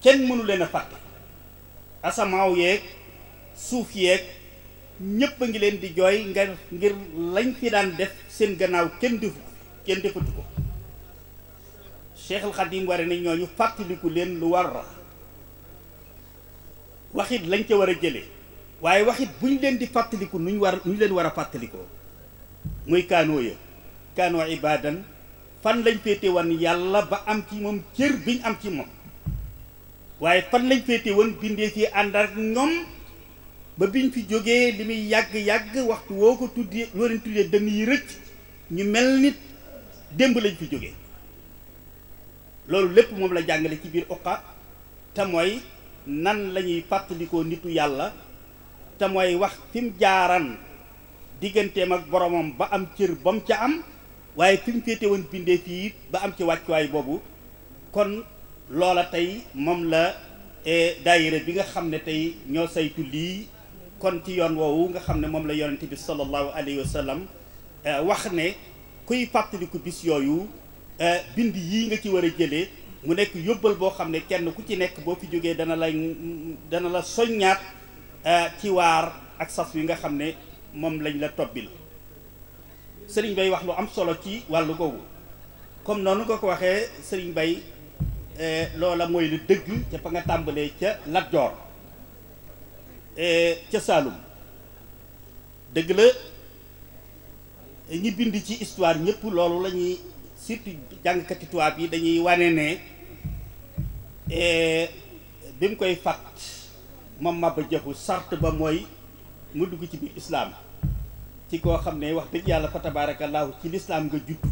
kenn mënu leen a fàtte asamaaw yeeg suuf yeeg ñëpp a ngi leen di jooy nga ngir lañ fi daan def seen gannaaw kenn defu kenn defatu ko Cheikhul Khadim ware na ñooñu fàttaliku leen lu war waxit lañ ca war a jële waaye waxit bu ñu leen di fàttaliku nu ñu war nu ñu leen war a fàttalikoo mooy kaanoo ya kaanoo ibadan fan lañ féete woon yàlla ba am ci moom cër biñ am ci moom waaye fan lañ féete woon bindee ci ànd ak ñoom ba biñ fi jógee li muy yàgg-yàgg waxtu woo ko tuddee dënn yi rëcc ñu mel nit démb lañ fi jógee loolu lépp moom la jàngale ci biir uqa te mooy nan lañuy fàttalikoo nitu yàlla te mooy wax fi mu jaaran digganteem ak boromam ba am cër ba mu ca am waaye fi mu woon bindee fii ba am ci wàccuwaay boobu kon loola tey moom la eh, daayira bi nga xam ne tey ñoo saytu lii kon ci yoon woowu nga xam ne moom la yonente bi sallallahu alayhi wa sallam euh, wax ne kuy fàttaliku bis yooyu euh, bind yi nga ci war a jëlee mu nekk yóbbal boo xam ne kenn ku ci nekk boo fi jógee dana la dana la soññaat euh, ci waar ak sas wi nga xam ne moom lañ la tobbil sëriñ bay wax lu am solo ci wàll kooku comme noonu nga ko waxee sëriñ bay loola mooy lu dëgg ca fa nga tàmbalee ca Lat Joor Eh, ca Saalum dëgg la ñi bind ci histoire ñëpp loolu la ñuy surtout jàngkati tubaab dañuy wane ne eh, bi mu koy fàtt moom Maba Jaxu sart ba mooy mu dugg ci bi islaam ci koo xam ne wax dëgg yàlla fa tabaarakallaahu ci lislaam nga judd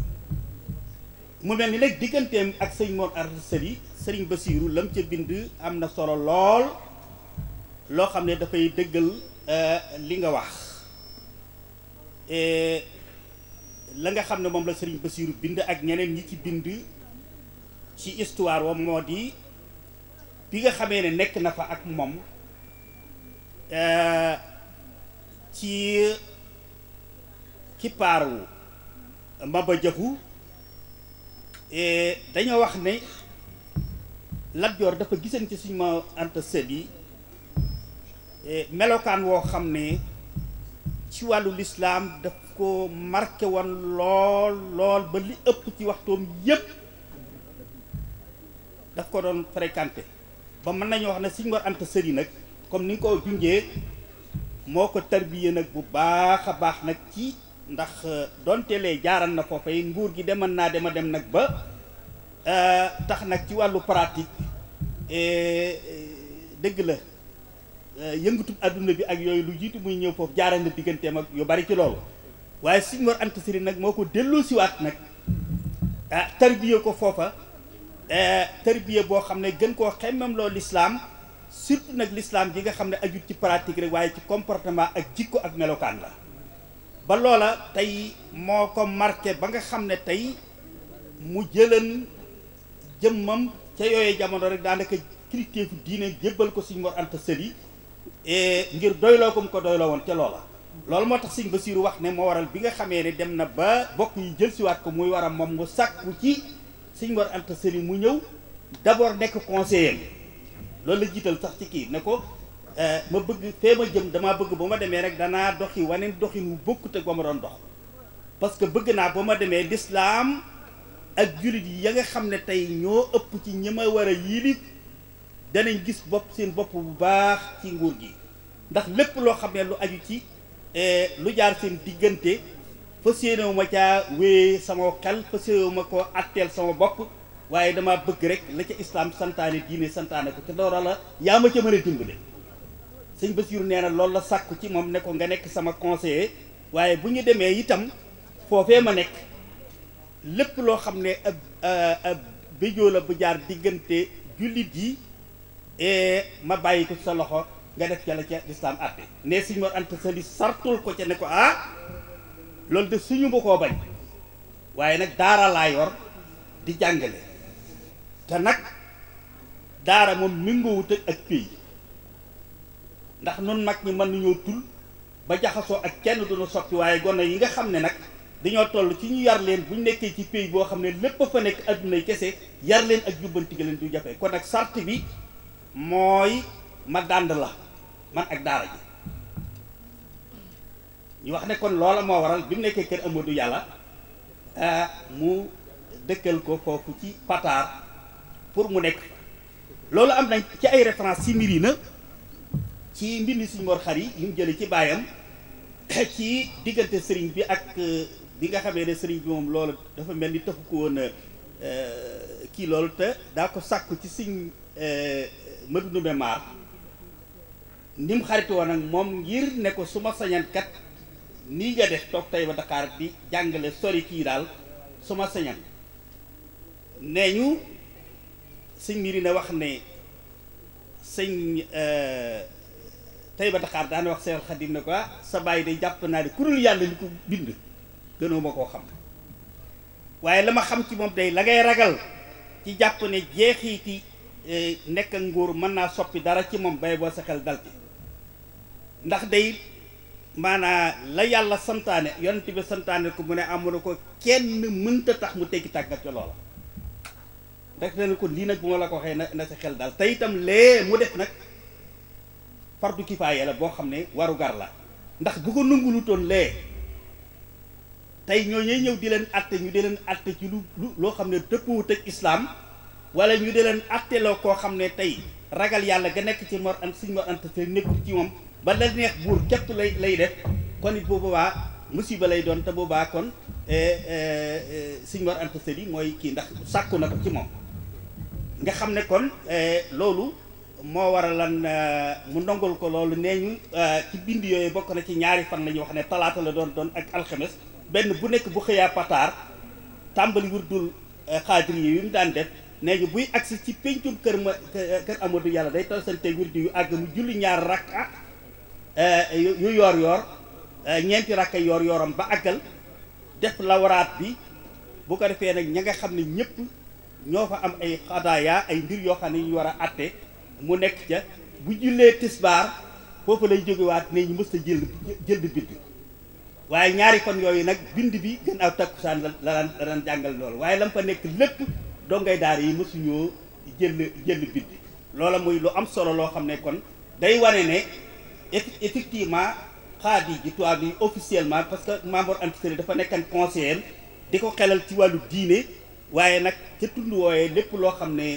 mu mel ni nag digganteem ak sëñ Mor Anta Sali sëriñ Basiiru lam ca bind am na solo lool loo xam ne dafay dëggal euh, li nga wax la nga xam ne moom la Serigne Bassirou bind ak ñeneen ñi ci bind ci histoire wa moo di bi nga xamee ne nekk na fa ak moom euh, ci kippaaru Maba Jaxu dañoo wax ne Lat Joor dafa gisante ci Sëriñ Maam Anta Sali Eh, melokaan woo xam ne ci wàllu lislaam daf ko marqué wan lool lool ba li ëpp ci waxtoom yépp daf ko doon fréquenté ba mën nañu wax ne siñ Mor ant sëri nag comme ni ko junjee moo ko tarbiyee nag bu baax a baax nag ci ndax euh, donte lee jaaral na foofa yi nguur gi deman naa dema dem nag ba euh, tax nag ci wàllu pratique eh, dëgg la Euh, yëngatu àdduna bi ak yooyu lu jiitu muy ñëw foofu jaaral na digganteem ak yu bari ci loolu waaye Sëriñ Mor Anta nag moo ko delloo siwaat nag ah tarbiya ko foofa eh, tarbiya boo xam ne gën koo xemmam loo lislaam surtout nag lislaam gi nga xam ne ajut ci pratique rek waaye ci comportement ak jikko ak melokaan la ba loola tey moo ko marqué ba nga xam ne tey mu jëlan jëmmam ca yooyee jamono rek daanaka kilifteefu diine jébbal ko Sëriñ Mor Anta ngir doyloo gum ko doyloo woon ca loola loolu moo tax ba Basiiru wax ne moo waral bi nga xamee ne dem na ba bokk yi jël siwaat ko muy waral moom mu sàkku ci sëñ Mor Anta mu ñëw d'abord nekk conseiller loolu la jiital sax ci kii ne ko eh, ma bëgg fee ma jëm damaa bëgg ba ma demee rek danaa doxi waneen doxin wu bokkut ak ba ma doon dox parce que bëgg naa ba ma demee lislaam ak jullit yi ya nga xam ne tey ñoo ëpp ci ñi ma war a yilib danañ gis bopp seen bopp bu baax ci nguur gi ndax lépp loo xam ne lu aju ci eh, lu jaar seen diggante fas yéenewu ma caa wéyee sama xel fas yéenewu ma koo atteel sama bopp waaye dama bëgg rek la ca islaam santaane diine santaane ko te loola la yaa ma ca mën a dimbale nee na loolu la sàkku ci moom ne ko nga nekk sama conseiller waaye bu ñu demee itam foofee ma nekk lépp loo xam ne ab eh, ab béjoo la bu jaar diggante jullit yi eh, ma bàyyi ko sa loxo nga def ca la ca lislaam àtte ne suñu war anta sali sartul ko ca ne ko ah loolu de suñu ma koo bañ waaye nag daara laa yor di jàngale te nag daara moom mingoowut ak pay ndax nun nag ñi mën nañoo tul ba jaxasoo ak kenn duñu soppi waaye gone yi nga xam ne nag dañoo toll ci ñu yar leen bu ñu nekkee ci pays boo xam ne lépp fa nekk addunay kese yar leen ak jubbanti gi leen du jafe kon nag sart bi mooy ma dànd la man ak daara ji ñu wax ne kon loola moo waral bi mu nekkee kër Amadou yàlla ah, mu dëkkal ko foofu ci Pataar pour mu nekk loolu am nañ ci ay référence ci mbir yi na ci mbindi suñu mor xar yi yu mu jële ci baayam ci diggante sëriñ bi ak euh, bi nga xamee ne sëriñ bi moom loolu dafa mel ni taxu ko woon euh, kii loolu te daa ko sàkku ci siñ euh, Madou Ndoumbe Maar ni mu xarit woon ak moom ngir ne ko su ma sañan kat nii nga def toog tey ba Dakar di jàngale sori kii daal su ma sañan nee ñu sëñ mbiri ne wax ne sëñ euh, tey ba Dakar daan wax Seex Xadim ne ko ah, sa bàyyi day jàpp naa ne kuréel yàlla li ko bind gënoo ma koo xam waaye la ma xam ci moom day la ngay ragal ci jàpp ne jeexiti euh, nekk nguur mën naa soppi dara ci moom bay boo sa xel dal ci ndax day maanaa la yàlla santaane yonent bi santaane ko mu ne amuna ko kenn mënta tax mu teggi tàggat ca loola rek na ko lii nag bu ma la ko waxee na na xel daal tey itam lee mu def nag fardu kifaaya la boo xam ne warugar la ndax bu ko nungulutoon lee tey ñoo ñuy ñëw di leen atte ñu di leen atte ci lu lu loo xam ne dëppwut ak islaam wala ñu di leen atteloo koo xam ne tey ragal yàlla ga nekk ci mor ant suñ mor ant nekk ci moom ba la neex buur képp lay lay def kon it bu boobaa musiba lay doon te boobaa kon eh, eh, eh, Sëñ Mor Anta Sali mooy kii ndax sàkku na ko ci moom nga xam ne kon loolu moo waral lan mu nongul ko loolu nee ñu ci bind yooyu bokk na ci ñaari fan la ñuy wax ne talaata la doon doon ak alxames benn bu nekk bu xëyaa pataar tàmbali wurdul xaadir yi yu mu daan def nee ñu buy agsi ci péncum kër ma kër Amadou yàlla day tal sante wirdu yu àgg mu julli ñaar rakka Eh, yu yoor yoor eh, ñeenti rakkay yoor yooram ba àggal def lawraat bi bu ko defee nag ña nga xam ne ñëpp ñoo fa am ay xadaaya ay mbir yoo xam ne ñu war a atte mu nekk ca bu jullee tisbaar foofu lay jógewaat ne ñu mës a jël jël bind waaye ñaari kon yooyu nag bind bi gën aw takkusaan la daan la daan jàngal loolu waaye la fa nekk lépp dongay daara yi mësuñoo jël jël bind loola mooy lu am solo loo xam ne kon day wane ne effectivement xaadi ji tubaab bi officiellement parce que Mamor Anta dafa nekkan conseiller di ko xelal ci wàllu diine waaye nag ca tund wooyee lépp loo xam ne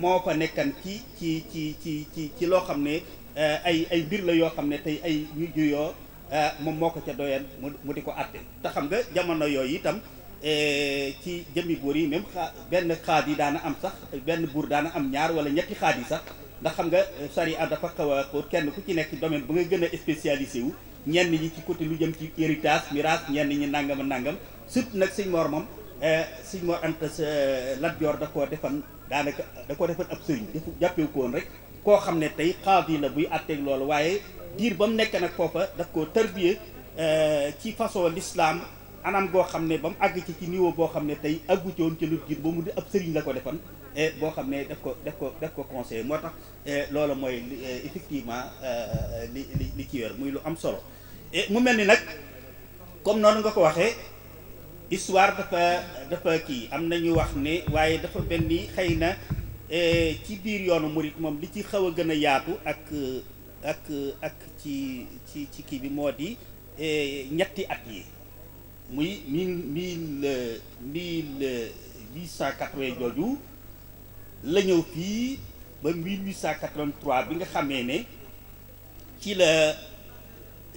moo fa nekkan ci ci ci ci ci ci loo xam ne eh, ay ay mbir la yoo xam ne tey ay ñu yoo eh, moom moo ko ca doyan mu di ko àtte te xam nga jamono yooyu itam eh, ci jëmmi buur yi même xa benn xaad yi daana am sax benn buur daana am ñaar wala ñetti xaad yi sax ndax xam nga charia euh, dafa xaw a pour kenn ku ci nekk domaine ba nga gën a spécialisé wu ñenn ñi ci côté lu jëm ci héritage miraas ñenn ñi nangam a nangam surtout nag sëñ Mor moom euh, sëñ Mor Anta euh, Lat Joor da koo defan daanaka da koo defan ab sëriñ defu jàppewu ko woon rek koo xam ne tey xaadi la buy àtteeg loolu waaye diir ba mu nekk nag foofa daf koo tarbiyee ci façon l'islam anam goo xam ne ba mu àgg ci ci niveau boo xam ne tey àggu ci woon ci lu jiit ba mu di ab sëriñ la ko defan Eh, boo xam ne daf ko def ko def ko conseillé moo tax eh, loolu mooy eh, effectivement li li li muy lu am solo mu mel ni nag comme noonu nga ko waxee histoire dafa dafa kii am na ñu wax ne waaye dafa mel ni xëy na ci biir yoonu murit moom li ci xaw a gën a yaatu ak ak ak ci ci ci kii bi moo di ñetti at yi muy mille mille mille huit cent quatre jooju la ñëw fii ba 1883 bi nga xamee ne ci la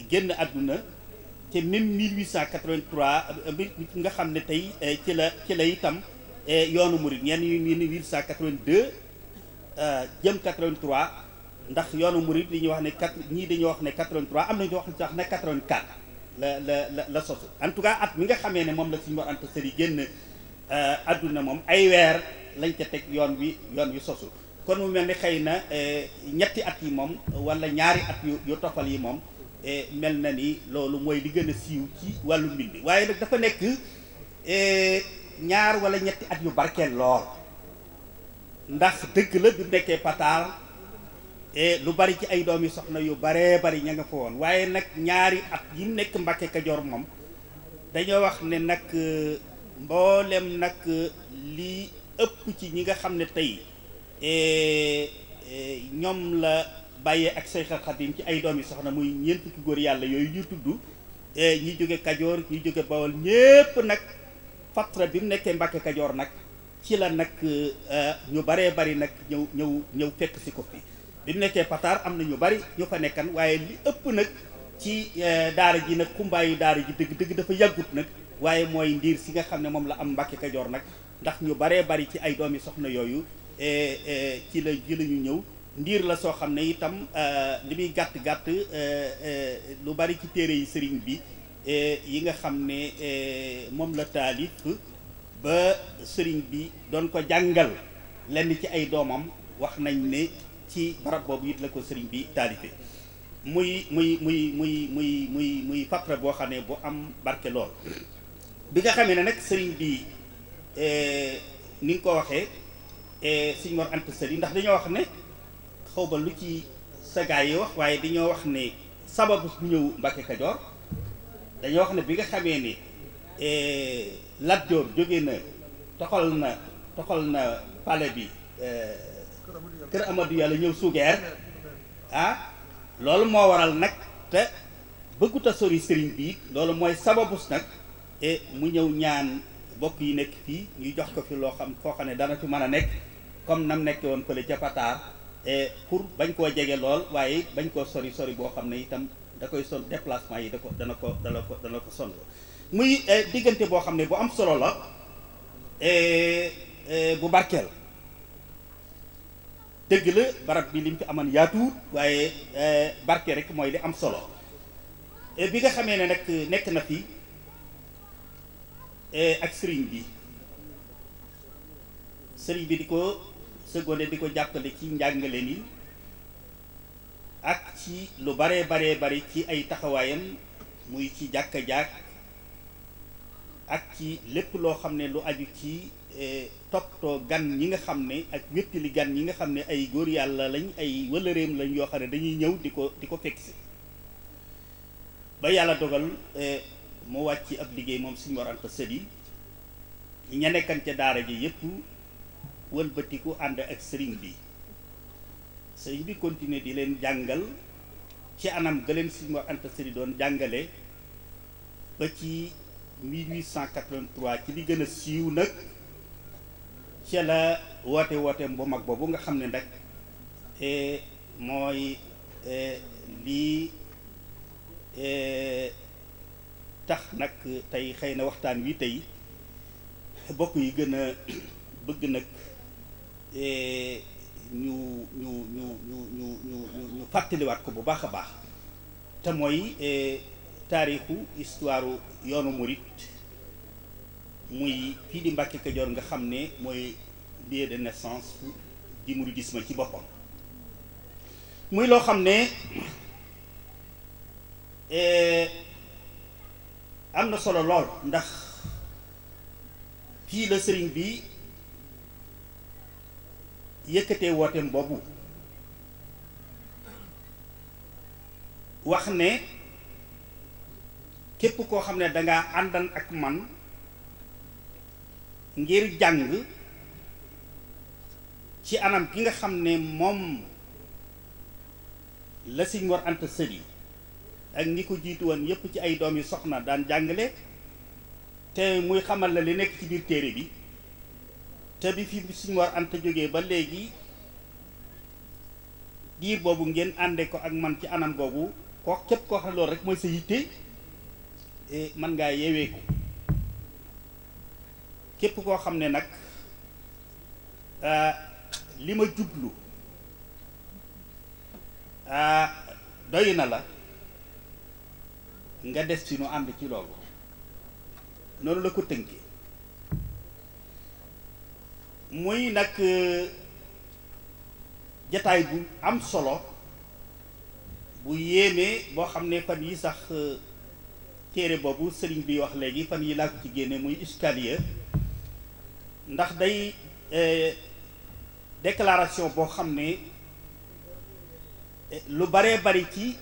génn àdduna te même 1883 nga xam ne tey eh, ci la ci la itam eh, yoonu murit ñenn ñu ne 1882 eh, jëm 83 ndax yoonu murit li ñuy wax ne quatre ñii dañuy wax ne 83 am na ñu wax sax ne 84 la la la la sosu en tout cas at mi nga xamee ne moom la suñu war anta sëri génn àdduna moom ay weer. lañ ca teg yoon wi yoon wi sosu kon mu mel ni xëy na eh, ñetti at yi moom walla ñaari at yu yu yi moom eh, mel na ni loolu mooy li gën a siiw ci wàllu mbind waaye nag dafa nekk eh, ñaar wala ñetti at yu barkeel lool ndax dëgg la bi nekkee pataar lu bari ci ay doom doomi soxna yu baree bari ña nga fa woon waaye nag ñaari at yi nekk Mbàkke Kajoor moom dañoo wax ne nag mboolem nag lii ëpp ci ñi nga xam ne tey e, e, ñoom la bàyyee ak Seexal Xadim ci ay doom yi soxna muy ñeent fukki góor yàlla yooyu ñu tudd e, ñi jóge Kajoor ñu jóge Bawol ñépp nag fatra bi mu nekkee Mbàkke Kajoor nag ci la nag ñu baree bari nag ñëw ñëw ñëw fekk si ko fi bi mu nekkee Pataar am na ñu bari ñu fa nekkan waaye li ëpp nag ci daara ji nag kumbaayu daara ji dëgg dëgg dafa yàggut nag waaye mooy ndiir si nga xam ne moom la am Mbàkke Kajoor nag ndax ñu baree bari ci ay doom doomi soxna yooyu e, e, ci la ji lañu ñëw ndiir la soo xam ne itam e, li muy gàtt gàtt lu bari ci téere yi sëriñ bi yi nga xam ne moom la taalif ba sëriñ bi doon ko jàngal lenn ci ay doomam wax nañ ne ci barab boobu it la ko sëriñ bi taalife muy muy muy muy muy muy muy fatra boo xam ne bu am barke lool bi nga xam ne nag sëriñ bi Eh, ni nga ko waxee eh, sëñ Mor Anta Sali ndax dañoo wax ne xaw ba lu ci sa gaay yi wax waaye dañoo wax ne sababu bu ñëw Mbacke Kajoor dañoo wax ne bi nga xamee ne eh, Lat Joor jóge na toxal na toxal na pale bi kër Amadou Yàlla ñëw sugeer ah loolu moo waral nag te bëggut a sori sëriñ bi loolu mooy sababus nag mu ñëw ñaan bokk yi nekk fii ñu jox ko fi loo xam foo xam ne dana ci mën a nekk comme nam nekke woon fële ca Pataar e pour bañ koo jege lool waaye bañ koo sori sori boo xam ne itam da koy son déplacement yi da ko dana ko dana ko dana ko sonn muy e, diggante boo xam ne bu am solo la e, bu barkeel dëgg la barab bi lim fi amoon yaatu waaye barke rek mooy di am solo bi nga xamee ne nag nekk na fii Eh, ak sëriñ bi sëriñ bi di ko secondé di ko jàppale ci njàngale ni ak ci lu baree baree bari ci ay taxawaayam muy ci jàkka jàkk ak ci lépp loo xam ne lu aju ci eh, toppatoo gan ñi nga xam ne ak wéttali gan ñi nga xam ne ay góor yàlla lañ ay wëlëreem lañ yoo xam ne dañuy ñëw di ko di ko fekk si ba yàlla dogal eh, mu wàcc ab liggéey moom suñu war anta yi ña nekkan ca daara ji yëpp wëlbatiku ànd ak sëriñ bi sëriñ bi continuer di leen jàngal ci anam gëleen suñu war anta sët doon jàngale ba ci 1883 ci li gën a siiw nag ca la woote wooteem bu mag boobu nga xam ne nag e, mooy e, lii e, tax nag tey xëy na waxtaan wi tey bokk yi gën a bëgg nag eh, ñu ñu ñu ñu ñu ñu ñu fàttaliwaat ko bu baax a baax te mooy eh, taarixu histoire yoonu murit muy fii di Mbàkke Kajoor nga xam ne mooy lieu de naissance di muridisme ci boppam muy loo xam ne eh, am na solo lool ndax fii la sëriñ bi yëkkatee wooteem boobu wax ne képp koo xam ne danga àndan ak man ngir jàng ci anam gi nga xam ne moom la war ant sëriñ ak ñi ko jiitu woon yépp ci ay doom yi soxna daan jàngale te muy xamal la li nekk ci biir téere bi te bi fi suñu war anta jógee ba léegi diir boobu ngeen àndee ko ak man ci anam boobu ko képp koo xam ne loolu rek mooy sa yitte e man ngaa yeeweeku képp koo xam ne nag li ma jublu doy na la nga des ci nu ànd ci loolu noonu la ko tënkee muy nag euh, jataay bu am solo bu yéemee boo xam ne fan yi sax euh, téere boobu sëriñ bi wax léegi fan yi laa ko ci génne muy iskaliya ndax day euh, déclaration boo xam ne lu baree bari ci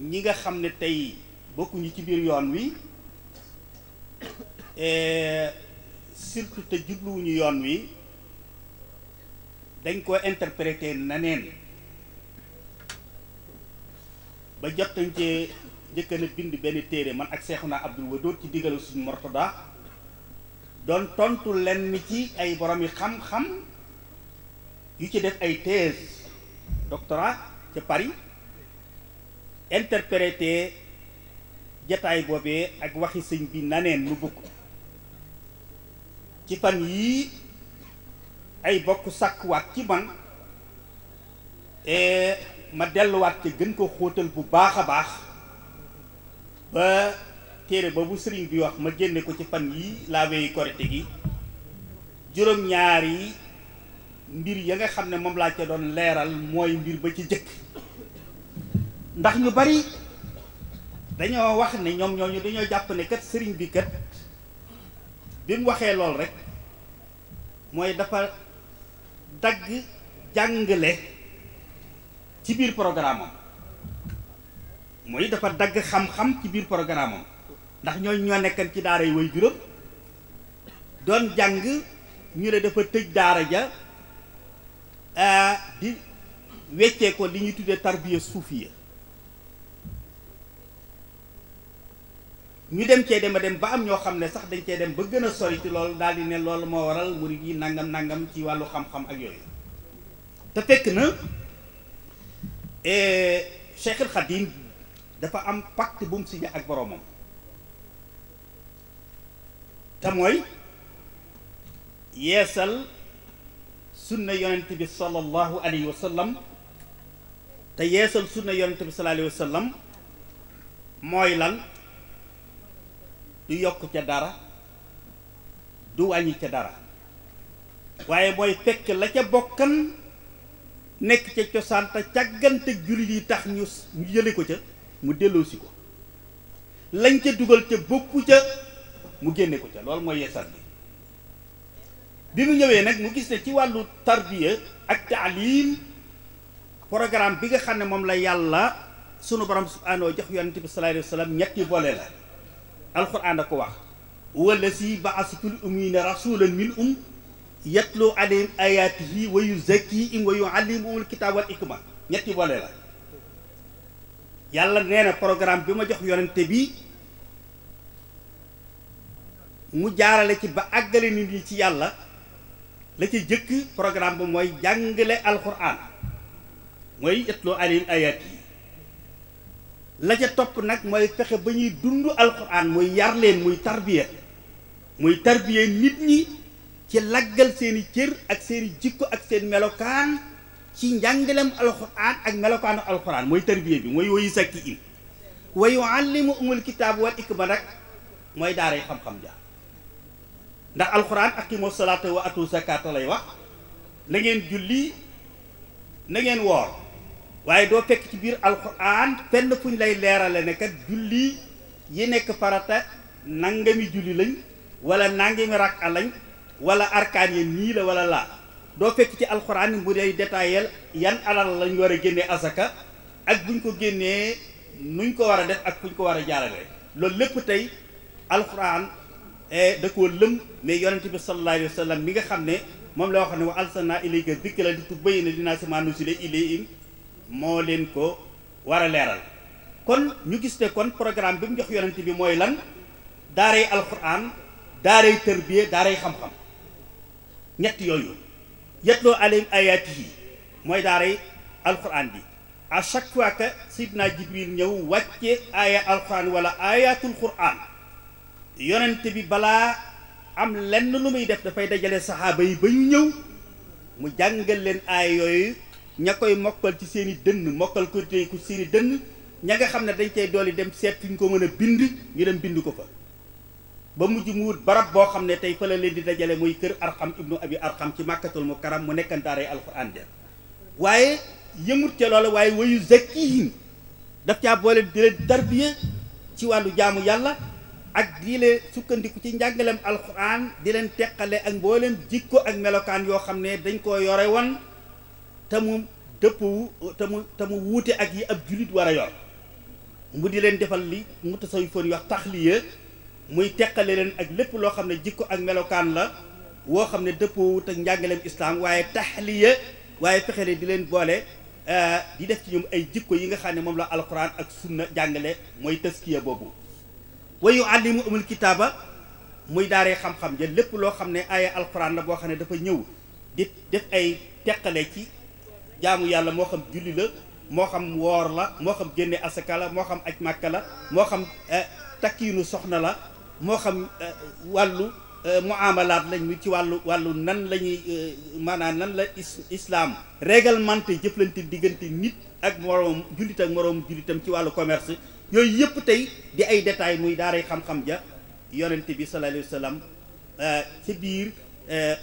ñi nga xam ne tey bokkuñu ci biir yoon wi eh, surtout te jubluwuñu yoon wi dañ ko interpréter na neen ba jot nañ cee na bind benn téere man ak Seexuna Abdul Wadood ci digalu suñu Mortada doon tontu lenn ci ay borom yi xam-xam yu ci def ay thèse doctorat ca Paris interpréter jataay boobee ak waxi sëñ bi naneen lu bukk ci fan yii ay bokk sàkkuwaat ci man ma delluwaat ci gën ko xóotal bu baax a baax ba téere ba bu sëriñ bi wax ma génne ko ci fan yii laa weyi korite gi juróom-ñaar mbir ya nga xam ne moom laa ca doon leeral mooy mbir ba ci jëkk ndax ñu bari dañoo wax ne ñoom ñooñu dañoo jàpp ne sëriñ bi kat bi mu waxee lool rek mooy dafa dagg jàngale ci biir programme am mooy dafa dagg xam-xam ci biir programme am ndax ñooñu ñoo nekkat ci daara yi way juróom doon jàng ñu ne dafa tëj daara ja eh, di weccee ko li ñuy tuddee tarbiya suufiya ñu dem cee dem a dem ba am ñoo xam ne sax dañ cee dem ba gën a sori ci loolu daal di ne loolu moo waral murid yi nangam nangam ci wàllu xam-xam ak yooyu te fekk na eh, Cheikhul Khadim dafa am pacte bu mu signé ak boromam te mooy yeesal sunna yonent bi sallallahu alayhi wa sallam te yeesal sunna yonent bi sallallahu alayhi wa mooy lan du yokk ca dara du wàññi ca dara waaye mooy fekk la ca bokkan nekk ca cosaan te càggante jullit yi tax ñu jële ko ca mu delloosi ko lañ ca dugal ca bokku ca mu génne ko ca loolu mooy yeesal bi bi mu ñëwee nag mu gis ne ci wàllu tarbiya ak taalim programme bi nga xam ne moom la yàlla sunu borom subhaanahu jox yonente bi sallallahu alayhi wa sallam ñetti boole la alxuraan a ko wax wala si baasa fil ummiina rasulan minhum yatlu alayhim ayaatihi wa yuzakkiihim wa yuallimuhumul kitaaba wal hikma ñetti boole la yàlla nee na programme bi ma jox yonente bi mu jaarale ci ba àggale nit ñi ci yàlla la ci jëkk programme bi mooy jàngale alxuraan mooy yatlu alayhim ayaatihi la ca topp nag mooy fexe ba ñuy dund alxuraan mooy yar leen muy tarbiya muy tarbiya nit ñi ci laggal seeni cër ak seeni jikko ak seen melokaan ci njàngaleem alxuraan ak melokaanu alxuraan mooy tarbiya bi mooy woyu sakki im wa yuallimu umul kitaab wal ikma nag mooy daaray xam-xam ja ndax alxuraan aqimu salaata wa atu zakaata lay wax na ngeen julli na ngeen woor waaye doo fekk ci biir alquran fenn fu ñu lay leerale ne kat julli yi nekk farata nangami julli lañ wala nangami rakka lañ wala arkaan ya nii la wala laa doo fekk ci alquran mu de détaillé yan alal lañ war a génnee asaka ak buñ ko génnee nuñ ko war a def ak fuñ ko war a jaarale loolu lépp tey alquran e, da koo lëm mais yonente bi sallallahu alayhi wa sallam mi nga xam ne moom la wax ne wa alsana ilayka dikra dinaa tubayyina linnaasi si nuzzila ilayhim moo leen ko war a leeral kon ñu gis ne kon programme bi mu jox yonent bi mooy lan daaray alquran daaray tërbiye daaray xam-xam ñett yooyu yatloo alayhim ayaatihi mooy daaray alquran bi a chaque fois que sidna jibril ñëw wàcce aaya alquran wala ayatul quran yonent bi balaa am lenn lu muy def dafay dajale saxaaba yi ba ñu ñëw mu jàngal leen aay yooyu ña koy mokkal ci seen i dënn mokkal ko tey ku seen i dënn ña nga xam ne dañ cay dolli dem seet fi ñu ko mën bind ñu dem bind ko fa ba mujj mu wut barab boo xam ne tey fa la leen di dajale mooy kër arxam ibnu abi arxam ci màkkatul mu karam mu nekkantaaray alquran der waaye yëmut ca loola waaye wayu zakkihim daf caa boole di leen tarbiya ci wàllu jaamu yàlla ak di sukkandiku ci njàngaleem alquran di leen teqale ak mboolem jikko ak melokaan yoo xam ne dañ koo yore woon te mu dëppwu te mu te mu wuute ak yi ab jullit war a mu di leen defal li mu tasawifoon yi wax taxliya muy teqale leen ak lépp loo xam ne jikko ak melokaan la woo xam ne dëppwut ak njàngaleem islaam waaye taxliya waaye fexe ne di leen boole eh, di def ci ñoom ay jikko yi nga xam ne moom la alquran ak sunna jàngale mooy taskiya boobu wa yuallimu umul kitaaba muy daaree xam-xam ja lépp loo xam ne aaya alquran la boo xam ne dafa ñëw d def ay teqale ci jaamu yàlla moo xam julli la moo xam woor la moo xam génne asaka la moo xam aj màkka la moo xam eh, takkiinu soxna la moo xam eh, wàllu eh, muamalaat lañu ci wàllu wàllu nan la ñuy maanaam nan la islaam réglementé jëflante diggante nit ak moroom jullit ak moroom jullitam ci wàllu commerce yooyu yëpp tey di ay détails muy daaray xam-xam ja yonent bi sallallahu alayhi wa sallam ci biir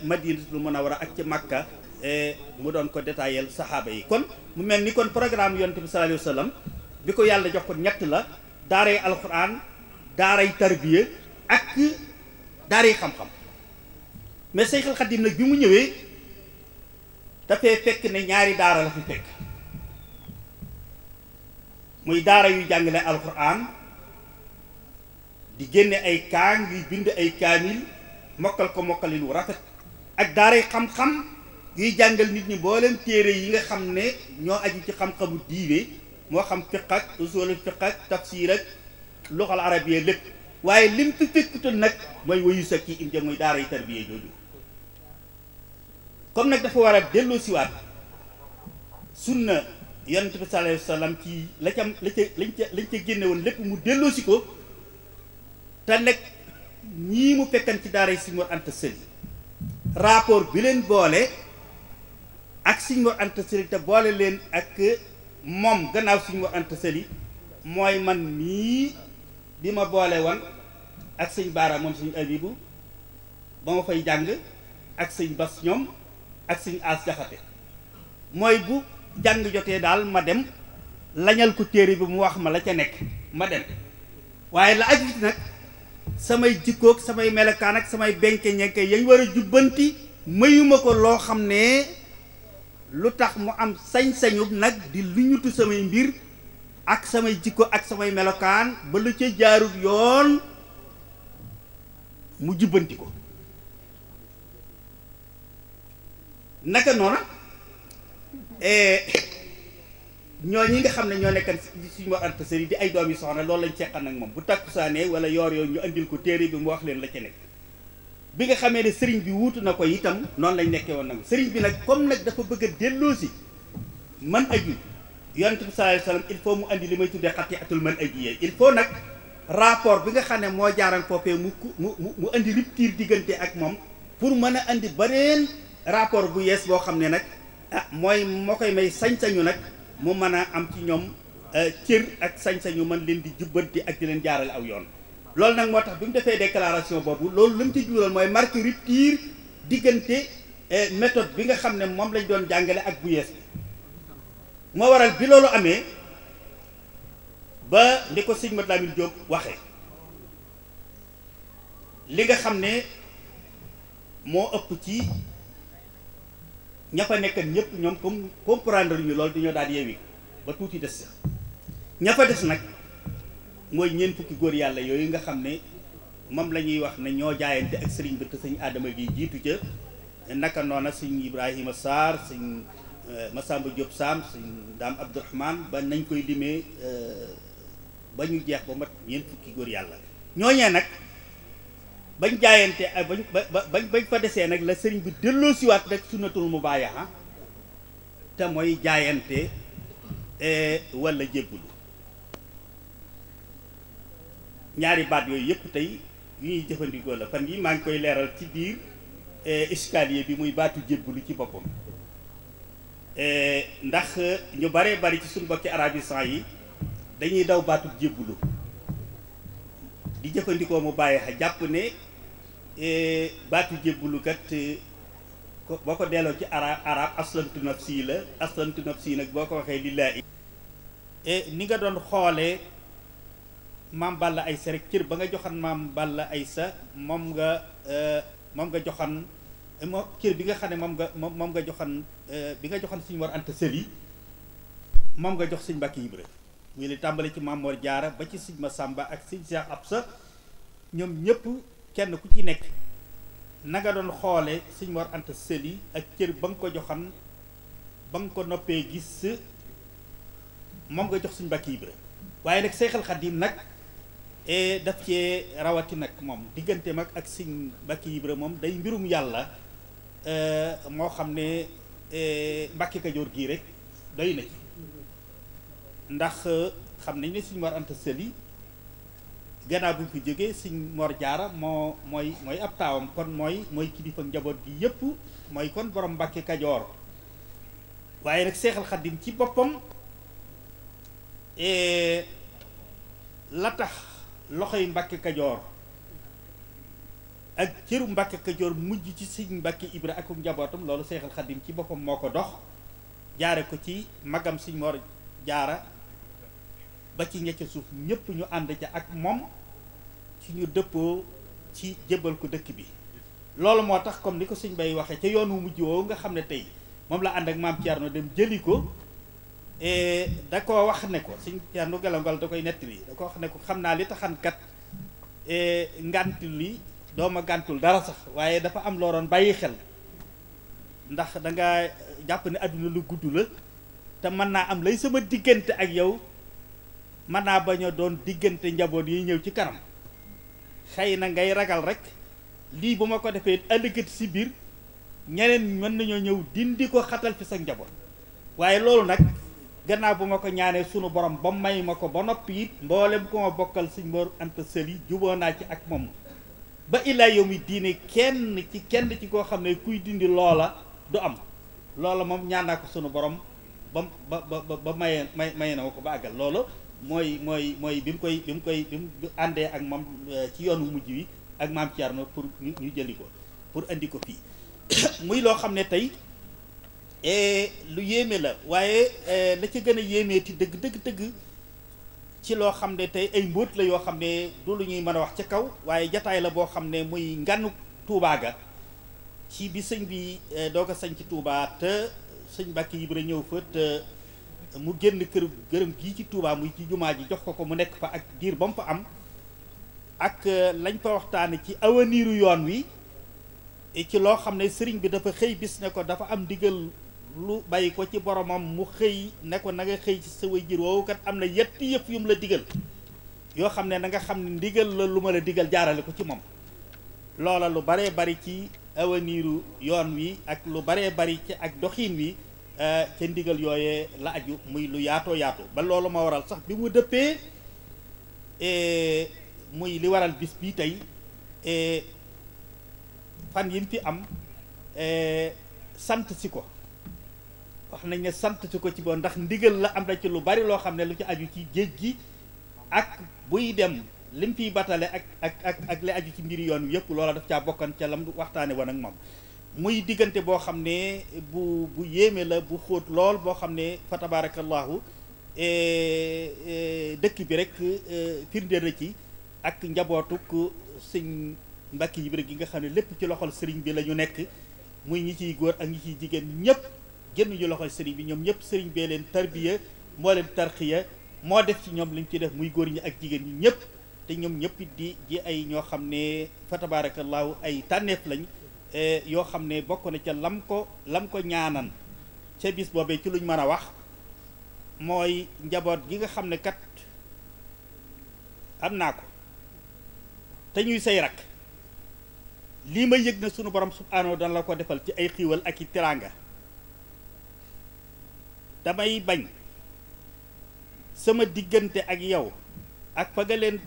madinatul munawara ak ci màkka Eh, mu doon ko détaillé saxaaba yi kon mu mel ni kon programme yonent bi sallallahu alayhi wa sallam bi ko yàlla jox ko ñett la daaray alquran daaray tarbiya ak daaray xam-xam mais Seyxul Xadim nag bi mu ñëwee dafay fekk ne ñaari daara la fi fekk muy daara yu jàngale alquran di génne ay kaang yuy bind ay kaamil mokkal ko mokkali wu rafet ak daaray xam-xam di jàngal nit ñi mboolem téere yi nga xam ne ñoo aju ci xam-xamu diine moo xam fiq ak usulul fiq ak tafsir ak luxal arabiya lépp waaye lim fi fekkutul nag mooy wayu sa kii im mooy daaray tarbiya jooju comme nag dafa war a delloo siwaat sunna yonent bi sallallahu ci la ca la lañ ca lañ génne woon lépp mu delloo si ko te nag ñii mu fekkan ci daaray si mor anta sëli rapport bi leen boole ak Serigne Mor Anta Sali te boole leen ak moom gannaaw Serigne Mor Anta Sali mooy man mii bi ma boole wan ak sëñ Baara moom suñu abibu ba ma fay jàng ak sëñ Bas ñoom ak sëñ As Jaxate mooy bu jàng jotee daal ma dem lañal ko téere bi mu wax ma la ca nekk ma dem waaye la ajut nag samay jikkoog samay melokaan ak samay benke ñenke yañ war a jubbanti mayuma ko loo xam ne lu tax mu am sañ-sañub nag di lu ñutu samay mbir ak samay jikko ak samay melokaan ba lu ca jaarut yoon mu jubbanti ko naka noona eh, ñoo ñi nga xam ne ñoo nekkan suñu war anta sëriñ di ay doom yi soxna loolu lañ seqan ak moom bu takkusaanee wala yoor yoon ñu andil ko téere bi mu wax leen la ca nekk bi nga xamee ne sëriñ bi wuutu na ko itam noonu lañ nekkee woon nag sëriñ bi nag comme nag dafa bëgg a delloo si man aju yonent bi sallallahu alayhi wasallam il faut mu andi li may tuddee xatti atul man aju yee il faut nag rapport bi nga xam ne moo jaaran foofee mu mu mu andi rupture diggante ak moom pour mën a indi beneen rapport bu yees boo xam ne nag ah mooy moo koy may sañ-sañu nag mu mën a am ci ñoom euh, cër ak sañ-sañu mën leen di di ak di leen jaaral aw yoon loolu nag moo tax bi mu defee déclaration boobu loolu li mu ci jural mooy marque rupture diggante eh, méthode bi nga xam ne moom lañ doon jàngale ak bu yees bi moo waral bi loolu amee ba ni ko sëñ Mat Lamin Jóob li nga xam ne moo ëpp ci ña fa nekk ñëpp ñoom comme comprendre ñu loolu dañoo daal yeewi ba tuuti des sax ña fa des nag mooy ñeen fukki góor yàlla yooyu nga xam ne moom la ñuy wax ne ñoo jaayante ak sëriñ bi te sëñ Adama gi jiitu ca naka noona sëñ Ibrahima Sarr ma euh, Massamba Diop Sam sëñ Dame Abdourahmane ba nañ koy limee euh, ba ñu jeex ba mat ñeent fukki góor yàlla ñooñee nag bañ jaayante euh, bañ bañ bañ fa desee nag la sëriñ bi delloo siwaat rek sunnatul mubaayaha te mooy jaayante wala jébbulu ñaari baat yooyu yëpp tey yu ñuy jëfandikoo la fan yi maa ngi koy leeral ci biir eh, escalier bi muy baatu jébbalu ci boppam eh, ndax ñu baree bari ci suñ suñu mbokki arabisant yi dañuy daw baatu jébbalu di jëfandikoo mu bàyyi xa jàpp ne eh, baatu jébbalu kat boo ko delloo ci arab arab nafsi la aslamtu nafsi nag boo ko waxee lillaahi ni nga doon xoolee maam Balla Aysa rek cër ba nga joxan maam ay sa moom nga euh, moom nga joxan moom cër bi nga xam ne moom nga moom nga joxan euh, bi nga joxan suñu war anta sëli moom nga jox suñ Mbàkke Ibra muy li tàmbali ci maam Mor Jaara ba ci suñ Masamba ak suñ Seex Absa ñoom ñëpp kenn ku ci nekk na nga doon suñ Mor Anta Sëli ak cër ba nga ko joxan ba nga ko noppee gis moom nga jox suñ Mbàkke Ibra waaye nag Seexal Xadiim nag et daf cee rawati nag moom diggante mag ak siñ mbakki Ibra moom day mbirum yàlla e, moo xam ne e, Mbàkke Kajoor gii rek doy na ci ndax e, xam nañ ne sëñ Mor Anta Sali gannaaw bu fi jógee siñ Mor Jaara moo mooy mooy ab taawam kon mooy mooy kilifa njaboot gi yépp mooy kon borom Mbàkke Kajoor waaye nag Seexal Xaddim ci boppam la tax loxo loxoy Mbàkke Kajoor ak cëru Mbàkke Kajoor mujj ci siñ Mbàkke Ibra ak njabootam loolu Seexal Xadim ci boppam moo ko dox jaare ko ci magam siñ Mor Jaara ba ci ñecca suuf ñépp ñu ànd ca ak moom ci ñu dëppoo ci jébbal ko dëkk bi loolu moo tax comme ni ko sëñ Bay waxee ca yoonu mujj woowu nga xam ne tey moom la ànd ak maam Thierno dem jëli ko Eh, da koo wax ne ko suñ yandu galangal da koy nettali da ko wax ne ko xam naa li taxankat kat eh, ngàntul li dooma gàntul dara sax waaye dafa am loo doon bàyyi xel ndax danga jàpp ne àdduna lu gudd la te mën naa am lay sama diggante ak yow mën naa bañ a doon diggante njaboot yi ñëw ci kanam xëy na ngay ragal rek lii bu ma ko defee ëllëgati si biir ñeneen mën nañoo ñëw dindi ko xatal fi sa njaboot waaye loolu nag gannaaw bu ma ko ñaanee sunu borom ba may ma ko ba noppi it mboolem ku ma bokkal sëñ Mor Anta Sali juboo naa ci ak moom ba illaa yow mi diine kenn ci kenn ci koo xam ne kuy dindi loola du am loola moom ñaan naa ko sunu borom ba ba ba ba maye may maye na ma ko ba àggal loolu mooy mooy mooy bi mu koy bi mu koy bi mu àndee ak moom eh, ci yoon wu mujj wi ak maam Thierno pour ñu jëli ko pour andi ko fii muy loo xam ne tey. Eh, lu yéeme la waaye eh, la ca gën a yéemee ti dëgg dëgg dëgg ci loo xam ne tey ay mbóot la yoo xam ne du lu ñuy mën a wax ca kaw waaye jataay la boo xam ne muy nganu Touba ga ci bi sëñ bi eh, doo ko sañ ci Touba te sëñ Mbàkke Ibra ñëw fa te mu génn kër gërëm gii ci tuubaa muy ci jumaa ji jox ko ko mu nekk fa ak diir ba fa am ak lañ fa waxtaane ci awaniiru yoon wi ci loo xam ne sëriñ bi dafa xëy bis ne ko dafa am ndigal lu bàyyi ko ci boromam mu xëy ne ko na nga xëy ci sa waajur woowu kat am na yetti yëpp yum la digal yoo xam ne na nga xam ne ndigal la lu ma la digal jaarale ko ci moom loola lu baree bari ci awaniiru yoon wi ak lu baree bari ci ak doxiin wi euh, ci ndigal yooyee la aju muy lu yaatoo yaatoo ba loolu ma waral sax bi mu dëppee e, muy li waral bis bii tey e, fan yim fi am e, sant si ko wax nañ ne sant si ko ci boo ndax ndigal la am na ci lu bari loo xam ne lu ci aju ci géej gi ak buy dem lim fiy batale ak ak ak li aju ci mbir yoon wi yëpp loola daf caa bokkan ca lam waxtaane woon ak moom muy diggante boo xam ne bu bu yéeme la bu xóot lool boo xam ne fa tabaarakallaahu e, e, dëkk bi rek e, firndeel na ci ak njabootuk sëñ mbakki yi bi gi nga xam ne lépp ci loxol sëriñ bi la ñu nekk muy ñi ciy góor ak ñi ciy jigéen ñëpp génnuñu loxoy sëriñ bi ñoom ñëpp sëriñ bee leen tarbiya moo leen tarxiya moo def ci ñoom li mu ci def muy góor ñi ak jigéen ñi ñëpp te ñoom ñëpp di ji ay ñoo xam ne fa tabaarakallaahu ay tànneef lañ e, yoo xam ne bokk na ca lam ko lam ko ñaanan ca bis boobee ci luñ mën a wax mooy njaboot gi nga xam ne kat am naa ko te ñuy say rak lii ma yëg na sunu borom subhaanahu dana la ko defal ci ay xiiwal ak i teraanga damay bañ sama diggante ak yow ak fa nga leen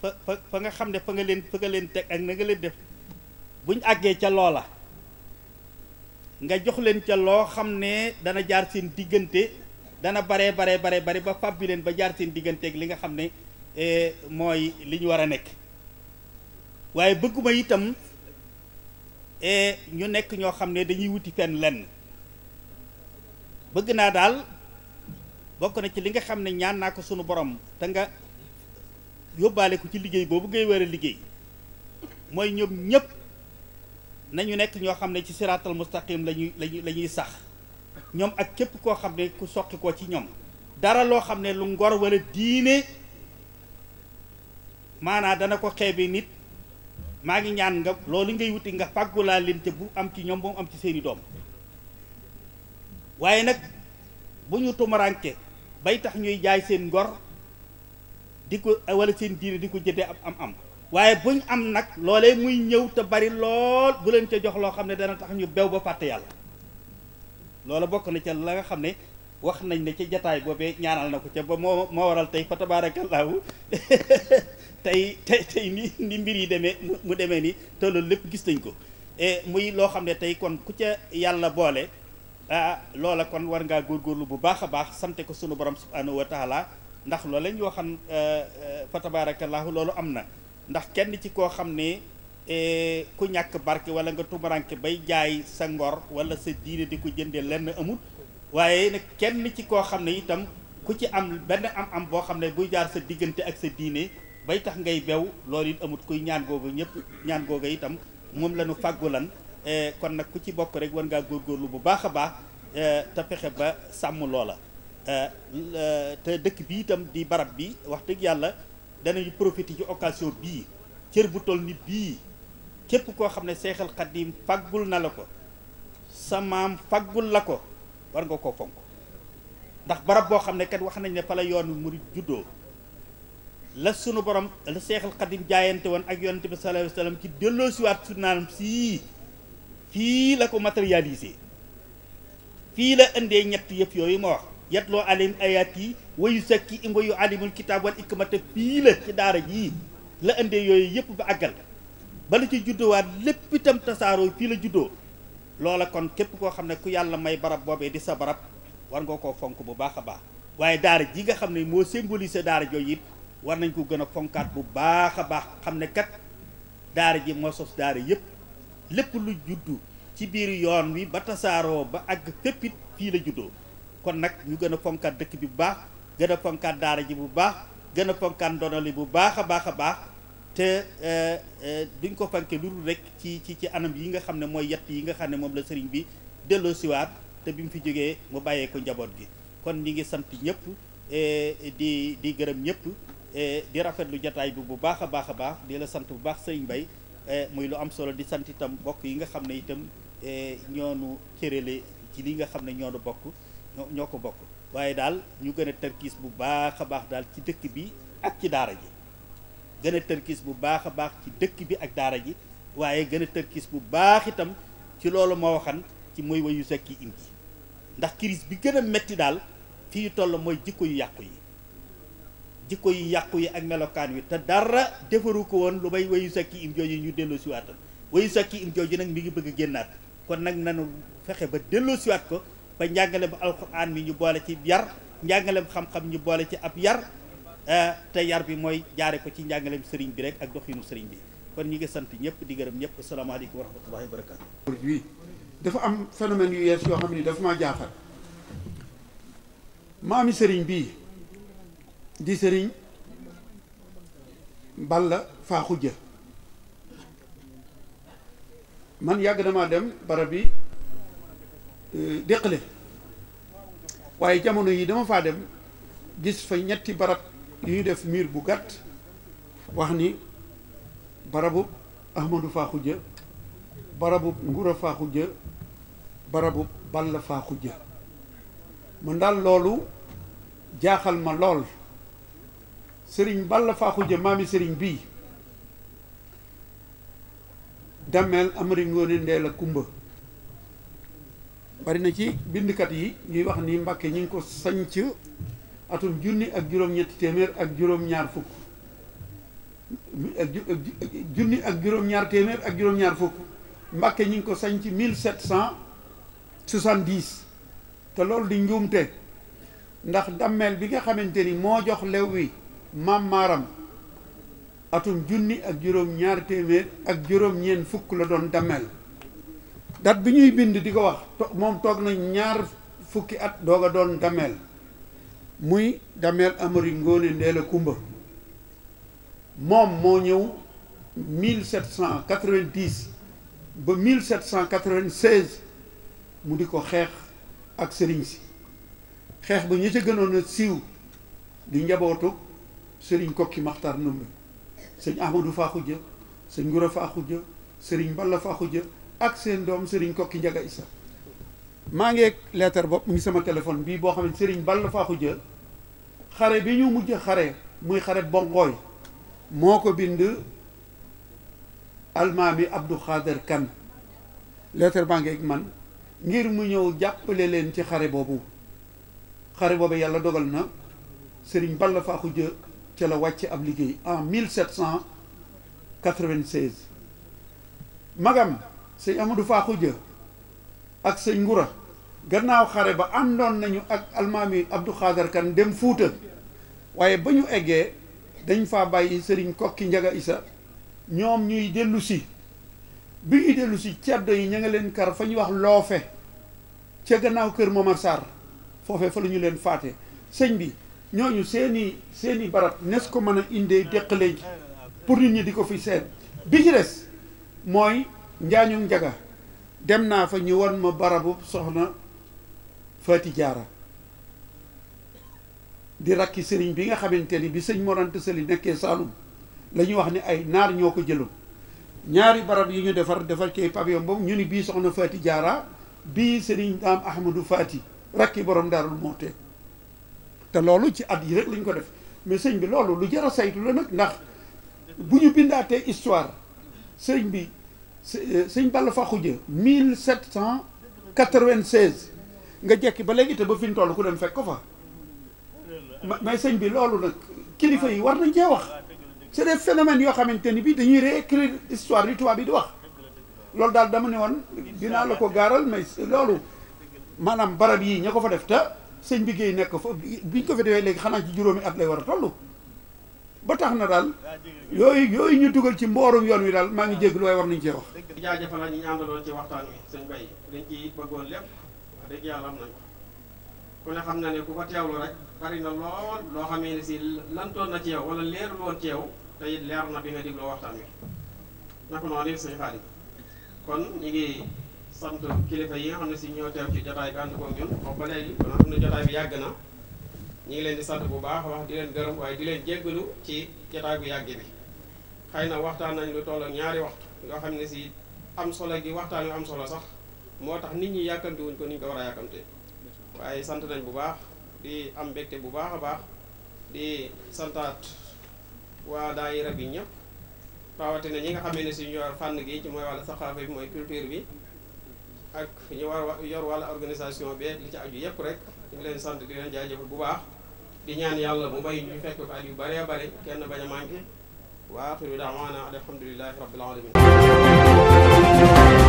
fa fa nga xam ne fa nga leen fa teg ak na nga leen def buñ àggee ca loola nga jox leen ca loo xam ne dana jaar seen diggante dana bare bare bare bare ba fàbbi leen ba jaar seen diggante ak li nga xam ne eh, mooy li ñu war a nekk waaye bëgguma itam eh, ñu nekk ñoo xam ne dañuy wuti fenn lenn bëgg naa daal bokk na ci li nga xam ne ñaan naa ko sunu borom te nga yóbbaale ko ci liggéey boobu ngay war a liggéey mooy ñoom ñëpp nañu nekk ñoo xam ne ci siraatal mustaqim lañuy lañuy la ñuy sax ñoom ak képp koo xam ne ku soqi ko ci ñoom dara loo xam ne lu ngor wala diine maanaa dana ko xeebe nit maa ngi ñaan nga loolu ngay wuti nga fàggulaa leen te bu am ci ñoom bu am ci seeni doom waaye nag bu ñu tumaranke bay tax ñuy jaay seen ngor di ko wala seen diine di ko jëndee ab am am waaye buñ am nag loolee muy ñëw te bari lool bu leen ca jox loo xam ne dana tax ñu bew ba fàtte yàlla loola bokk na ca la nga xam ne wax nañ ne ca jataay boobee ñaanal na ko ca ba moo moo waral tey fa tabaarakallaahu tey tey tey ni ni mbir yi demee mu demee ni te loolu lépp gis nañ ko muy loo xam ne tey kon ku ca yàlla boole ah loola kon war ngaa góor góorlu bu baax a baax sante ko sunu borom subhanahu wa taalaa ndax loola ñu waxan eh, eh, fa tabarakallahu loolu am na ndax kenn ci koo xam ne eh, ku ñàkk barke wala nga tumuranke bay jaay sa ngor wala sa diine di ko jënde lenn amut waaye nag kenn ci koo xam ne itam ku ci am benn am am boo xam ne buy jaar sa diggante ak sa diine bay tax ngay bew loolu it amut kuy ñaan googu ñëpp ñaan googu itam moom lanu ñu fàggu lan Eh, kon nag ku ci bokk rek war ngaa góorgóorlu bu baax a baax eh, te fexe ba sàmm loola eh, te dëkk bi itam di barab bi wax dëgg yàlla danañu profité ci occasion bii cër bu toll nit bii képp koo xam ne seexal xaddim faggul na la ko sa maam faggul la ko war nga koo fonk ndax barab boo xam ne kat wax nañ ne fa la yoon mu juddoo la sunu borom la seexal xaddim jaayante woon ak yonent bi sallallahu alayhi wasallam ci delloosiwaat sunnaam sii fii la ko matérialisé fii la indee ñett yëpp yooyu moo wax yatloo alim ayat yi wayu sakki imba yu alimul kitaab wal ikmata fii la ci daara jii la indee yooyu yëpp ba àggal ba ci juddowaat lépp itam tasaaroo fii la juddoo loola kon képp koo xam ne ku yàlla may barab boobee di sa barab war ngoo ko fonk bu baax a baax waaye daara ji nga xam ne moo symbolise daara jooju it war nañ ko gën a fonkaat bu baax a baax xam ne kat daara ji moo sos daara yëpp lépp lu juddu ci biir yoon wi ba tasaaroo ba àgg féppit fii la juddoo kon nag ñu gën a fonkaat dëkk bi bu baax gën a daara ji bu baax gën a fonkaat bu baax a baax a baax te euh, euh, duñ ko fanke lu dul rek ci ci ci anam yi nga xam ne mooy yett yi nga xam ne moom la sëriñ bi delloo siwaat te bi mu fi jógee mu bàyyee ko njaboot gi kon ñi ngi sant ñëpp euh, di di gërëm ñëpp di rafetlu jataay bi bu baax a baax a baax di la sant bu baax sëriñ Bay Eh, muy lu am solo di sant itam bokk yi nga xam ne itam eh, ñoonu cërale ci li nga xam ne ñoonu bokk ñoo ko bokk waaye daal ñu gën a tërkiis bu baax a baax daal ci dëkk bi ak ci daara ji gën a tërkiis bu baax a baax ci dëkk bi ak daara ji waaye gën a tërkiis bu baax itam ci loolu moo waxan ci mooy wayu sekki im ji ndax crise bi gën a metti daal fii toll mooy jikko yu yàqu yi jikko yi yàqu yi ak melokaan wi te dara defaru ko woon lu may wayu sakki im jooju ñu dellu siwaat wayu sakki im jooju nag mi ngi bëgg génnaat kon nag nanu fexe ba dellu siwaat ko ba njàngaleem alxuraan mi ñu boole ci yar njàngaleem xam-xam ñu boole ci ab yar eh, te yar bi mooy jaare ko ci njàngaleem sëriñ bi rek ak doxinu sëriñ bi kon ñu ngi sant ñëpp di gërëm ñëpp asalaamaaleykum wa rahmatullahi wa barakaatu. aujourd'hui dafa am phénomène yu yees yoo xam ni dafa maa jaaxal maami sëriñ bii. di sëriñ Balla faaxu jë man yàgg damaa dem barab bi e, déqale waaye jamono yi dama faa dem gis fa ñetti barab yu ñu def miir bu gàtt wax ni barabu Ahmadou faaxu jë barabu Ngura faaxu jë barabu Balla faaxu jë man daal loolu jaaxal ma lool sëriñ Balla Faaxuje maami sëriñ bii dammeel Amari Ngoone Ndeel a Kumba bari na ci bindkat yi ñuy wax ni mbakke ñu ngi ko sanc atum junni ak juróom-ñetti téeméer ak juróom-ñaar fukk ak ñu ngi ko sanc mill sept cent soixante-dix te loolu di njuumte ndax dammeel bi nga xamante ni moo jox lew maam maaram atum junni ak juróom ñaar téeméer ak juróom ñeent fukk la doon dammeel dat bi ñuy bind di ko wax moom toog na ñaar fukki at doog doon dammeel muy dammeel Amari Ngoone Ndeela Kumba moom moo ñëw 1790 ba mille 1796 mu di ko xeex ak sëriñ si xeex ba ñu ca gënoon a siiw di njabootu sëriñ kokki maxtaar nëmb sëñ ahmadou faa xujja sëñ ngura faa xujja sëriñ balla faa xujja ak seen doom sëriñ kokki njaga isa maa ngi leetar bopp mu ngi sama téléphone bii boo xam ne sëriñ balla faa xujja xare bi ñu mujj xare muy xare bongooy moo ko bind almaami abdou xaader kan leetar baa ngi man ngir mu ñëw jàppale leen ci xare boobu xare boobu yàlla dogal na sëriñ balla faa xujja ca la wàcc ab liggéey en 1796 magam sëñ Amadou Faxuja ak sëñ Ngura gannaaw xare ba àndoon nañu ak almaami Abdou Khader Kan dem Fuuta waaye ba ñu eggee dañ fa bàyyi sëriñ kokki njaga isa ñoom ñuy dellu si bi ñuy dellu si ceddo yi ña ngi leen kar fa ñuy wax loofe ca gannaaw kër Momar sar foofe fa la ñu leen faate sëñ bi ñooñu seeni seeni barab nes ko mën a indee déqalee ji pour nit ñi di ko fi seen bi mooy njaañu njaga dem naa fa ñu wan ma barabu soxna Faati Jaara di rakki sëriñ bi nga xamante ni bi sëñ Mor Anta Sali nekkee Saalum la ñuy wax ni ay naar ñoo ko jëloon ñaari barab yi ñu defar defar ci pavillon boobu ñu ni bii soxna Faati Jaara bii sëriñ Daam Ahmadou Faati rakki borom daarul mootee te loolu ci at yi rek lañ ko def mais sëñ bi loolu lu jar a saytu la nag ndax bu ñu bindaatee histoire sëñ bi euh, sëñ Balla Fakku Dia 1796 nga jekki ba léegi te ba fi ñu toll ku dem fekk ko fa may sëñ bi loolu nag kilifa yi war nañ cee wax c'est des phénomènes yoo xamante ni bi dañuy réécrire histoire li tubaab bi di wax loolu daal dama ne woon dinaa la ko gaaral mais loolu maanaam barab yii ña ko fa def te sëñ bi Guèye nekk fa biñ ko fi defee léegi xanaa ci juróomi at lay war a toll ba tax na daal yooyu yooyu ñu dugal ci mboorum yoon wi daal maa ngi jégg looy war nañu cee wax jaajëfal nañ ñu àndaloon ci wi sëñ Baye dañ ci bëggoon lépp wax dëgg yàlla nañ ko ku ne xam na ne ku ko teewlu rek bari na lool loo xamee ne si lantoon na ci yow wala leerul woon ci yow te it leer na bi nga dégloo waxtaan wi naka noonu it sëñ Xaadim kon ñu sant kilifa yi nga xam ne si ñoo teew ci jotaay bi ànd koog ñun boobu ba léegi kon xam ne jotaay bi yàgg na ñu ngi leen di sant bu baax wax di leen gërëm waaye di leen jéggalu ci jotaay bu yàgg bi. xëy na waxtaan nañ lu toll ñaari waxtu yoo xam ne si am solo gi waxtaan yu am solo sax moo tax nit ñi yàkkamte wuñ ko ni ñu ko war a yàkkamte waaye sant nañ bu baax di am mbégte bu baax a baax di santaat waa daayira bi ñëpp rawatina ñi nga xam ne si ñoo fànn gi ci mooy wàllu saxaafa mooy culture bi. ak ñu war yor wàlla organisation be li ci aju yëpp rek ñu leen sant di leen jaajëfal bu baax di ñaan yàlla mu bay ñu fekk ko at yu bëree bëri kenn bañ a manqué wa axiru daawaana alhamdulilahi rabbil alamin